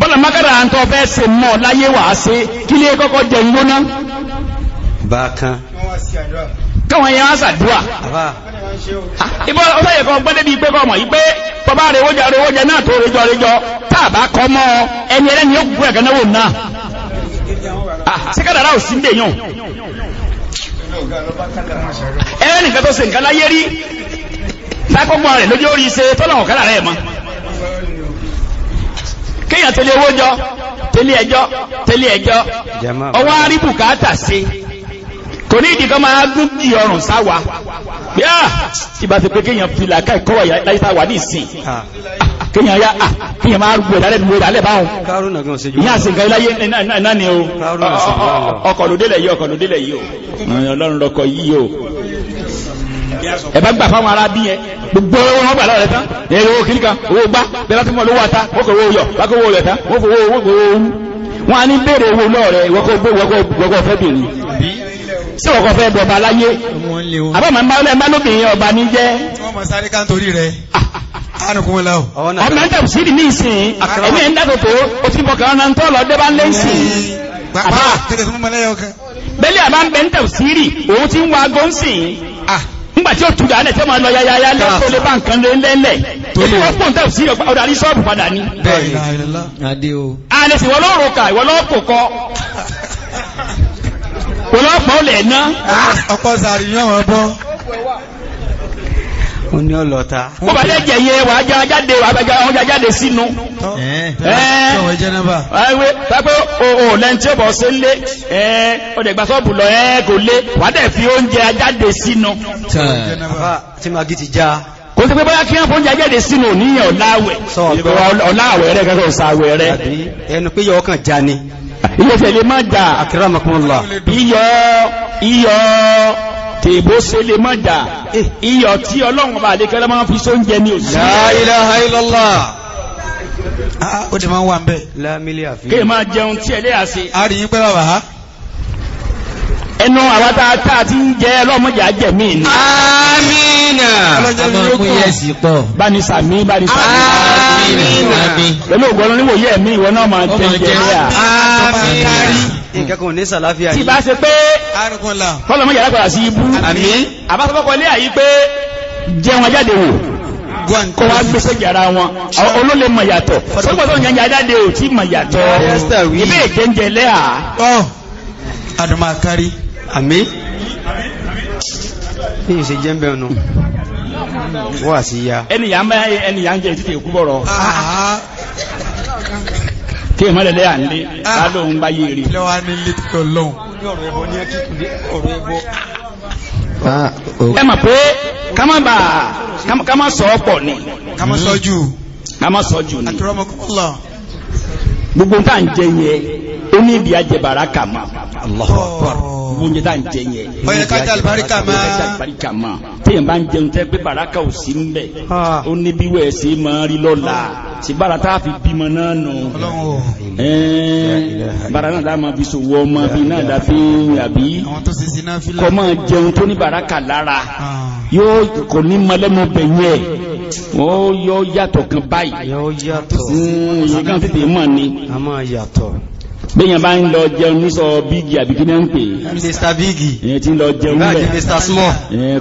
bọ́lá mákàrà ń tọ́ fẹ́ se mọ́ láyé wàá ṣe kí lè kọ́kọ́ jẹ ìgbóná bákan káwọn yẹn á sàdúà ìbọn ọ̀fẹ́ yẹn kan gbọ́dẹ̀ bíi pé kọ́ mọ̀ yìí pé bàbá rẹ̀ wọ́jà rẹ̀ wọ́jà náà tó rẹjọ rẹjọ tá a bá kọ́ mọ́ ẹni ẹlẹ́ni yóò gbúgbẹ́ gẹ́gẹ́ wò náà síkàdàrà ò sí ndé yàn ẹ̀rẹ́ nìkan tó ṣe nǹkan láyé rí lákọ́gbọ́n rẹ̀ lójú orí ṣe tọ́lọ̀ kéèyàn tẹ́lẹ̀ owó jọ tẹ́lẹ̀ ẹjọ́ tẹ́lẹ̀ ẹjọ́ ọwọ́ arí bùkátà sí kò ní ìdí kan máa gún bí ọrùn sáwa bí a ti bá ti pé kéèyàn fi làákà ìkọ́wà láyé sáwa ní ìsìn kéèyàn ya a kéèyàn máa rúgbò ìdálẹ́ ìdúró ìdálẹ́ báwọn ìyá àti nǹkan iláyé náà ni o ọkọ̀ lòdélẹ̀ yìí ọkọ̀ lòdélẹ̀ yìí o ọlọ́run lọkọ̀ yìí o ẹ bá gbà fáwọn ará bí yẹn gbogbo wọn gbà lọ́rẹ̀ tán ẹ yóò kiri kan owó gbá bẹ́ẹ̀ láti mọ̀ lówó ata wọ́n kò owó yọ wọ́n kò owó rẹ̀ tán wọ́n kò owó owó owó wọn á ní béèrè owó lọ́rẹ̀ wọ́kọ̀ fẹ́ bìnrin sí ọkọ̀ fẹ́ bọ̀bá láyé àbámọ̀ ń bá lóbìnrin ọba ní jẹ́ wọ́n mọ̀ sáré ká ń torí rẹ̀ ànùkún lọ. ọmọ ẹ̀ta sí ìdí ní ìsìn ẹ̀mí ẹ̀ ń dàgbòtò ó ti bọ̀ kàrán náà tọ́ lọ dẹ́bà ń lé ìsìn. bẹ́lẹ̀ àbá ń bẹ́ ń tẹ̀ sí ìrì òun ti ń wa agbóhùn sìn nígbàtí ó tùjà alẹ́ tẹ́ máa lọ yayaya lẹ́kọ́ lé bá nǹkan lé lẹ́lẹ̀ èyí wọ́n pọ̀ tẹ́lù sí ọ̀dàrí sọ́ọ̀bù padà ní alẹ́ sì wọ́n lọ́rọ̀ kà ìwọ́n lọ́ kọ́ wọ́n lọ́ lẹ̀ ná ọkọ̀ sàrì yàn wọ́n bọ́ ó ní ọlọ́ta. bó bá lè jẹ yẹ wàá já jáde wàá bẹ̀gà ọ̀hún já jáde sínú. pẹ́pẹ́ o lẹ́ni tí ó bọ̀ ṣe ń lé ọ̀dẹ̀ ìgbà sọ́ọ̀bù lọ ẹ́ kò lé wàá dẹ̀ fi oúnjẹ ajáde sínú. tí màgí ti já kò sí pé bóyá kí wọ́n fún jẹ́jẹ́dẹ̀ sínú níyàn ọ̀láwẹ̀ ọ̀láwẹ̀ rẹ̀ kẹ́kọ̀ọ́ sàwẹ̀ rẹ̀ ẹnu pé yọ ọkàn já ni ilé ìfẹ̀lẹ̀ má dà akérèmọ́kúnlá iyọ̀ iyọ̀ tèbó se lè mọ́ jà iyọ̀ tí ọlọ́run bá lè kẹ́lẹ́ máa fi sóúnjẹ ní òsì La ilaha illallah ah, ah, ó ti máa ń wà ń bẹ̀ kí ẹ máa jẹun tí ẹlẹ́yà se a rí bàbá ẹnu àwátá táà ti ń jẹ ọlọ́mọjà jẹ̀mí ni amina ọlọ́jọ́ ló kú yẹ̀ sí pọ̀ bá ní sàmí bá ní sàmí ah pẹ̀lú ògbọ́nà níwòye ẹ̀mí ìwọ náà máa jẹ ìjẹ̀lẹ́à ìkẹ́kùn ní sàláfíà yìí tí bá ṣe pé fọ́lọ̀mọ́ yàrá padà sí ibú àbáfọ́fọ́kọ́ ilé àyí pé jẹun ajáde wò kó wá gbé sẹ́jà ara wọn olólè mọ̀ yàtọ̀ sọ́gbọ́sọ́ ìyànjẹ ajáde ò tí mọ̀ yàtọ̀ ilé ìjẹ́njẹ̀lẹ́à oh, adumakari àmì ní ìṣèjẹ́ bẹ́ẹ̀ nù wọ́n àti ya ẹniyà ń bá ẹniyà ń jẹ ìtìtì èkú bọ̀rọ̀ kí ìmọ̀ lẹ́lẹ́ à ń lé lálóhun ah. bá yé rí lọ́wọ́ ní lẹ́tìkọ̀ lọ́hun ẹ mọ̀ pé kámábà kámá sọ ọ́ pọ̀ ni kámá sọ jù kámá sọ ni gbogbo tá ń jẹ yẹ ó ní ìdí ajẹbàrá kà má Allahu Akbar gbogbo tá ń jẹ yẹ ó yẹ ká jàlùbáríkà má jàlùbáríkà má téèyàn bá ń jẹun tẹ pé bàrákà ò sí ń bẹ ó ní bí wẹ́ẹ̀ sí máa rí lọ́la sí bára tá a fi bímọ náà nù bára náà dáa máa fi sòwò ọmọ bí náà dáa fi àbí kọ́ máa jẹun tó ní bàrákà lára yóò kò ní mọ́lẹ́mọ́ bẹ̀yẹ wọ́n yọ yàtọ̀ kan báyìí yọ yàtọ̀ nǹkan hmm, tètè mọ̀ ni a máa yàtọ̀ bẹ́yàn bá ń lọ jẹun nísọ bígì àbíkí náà ń pè mr bígì èyàn tí ń lọ jẹun bẹ́ẹ̀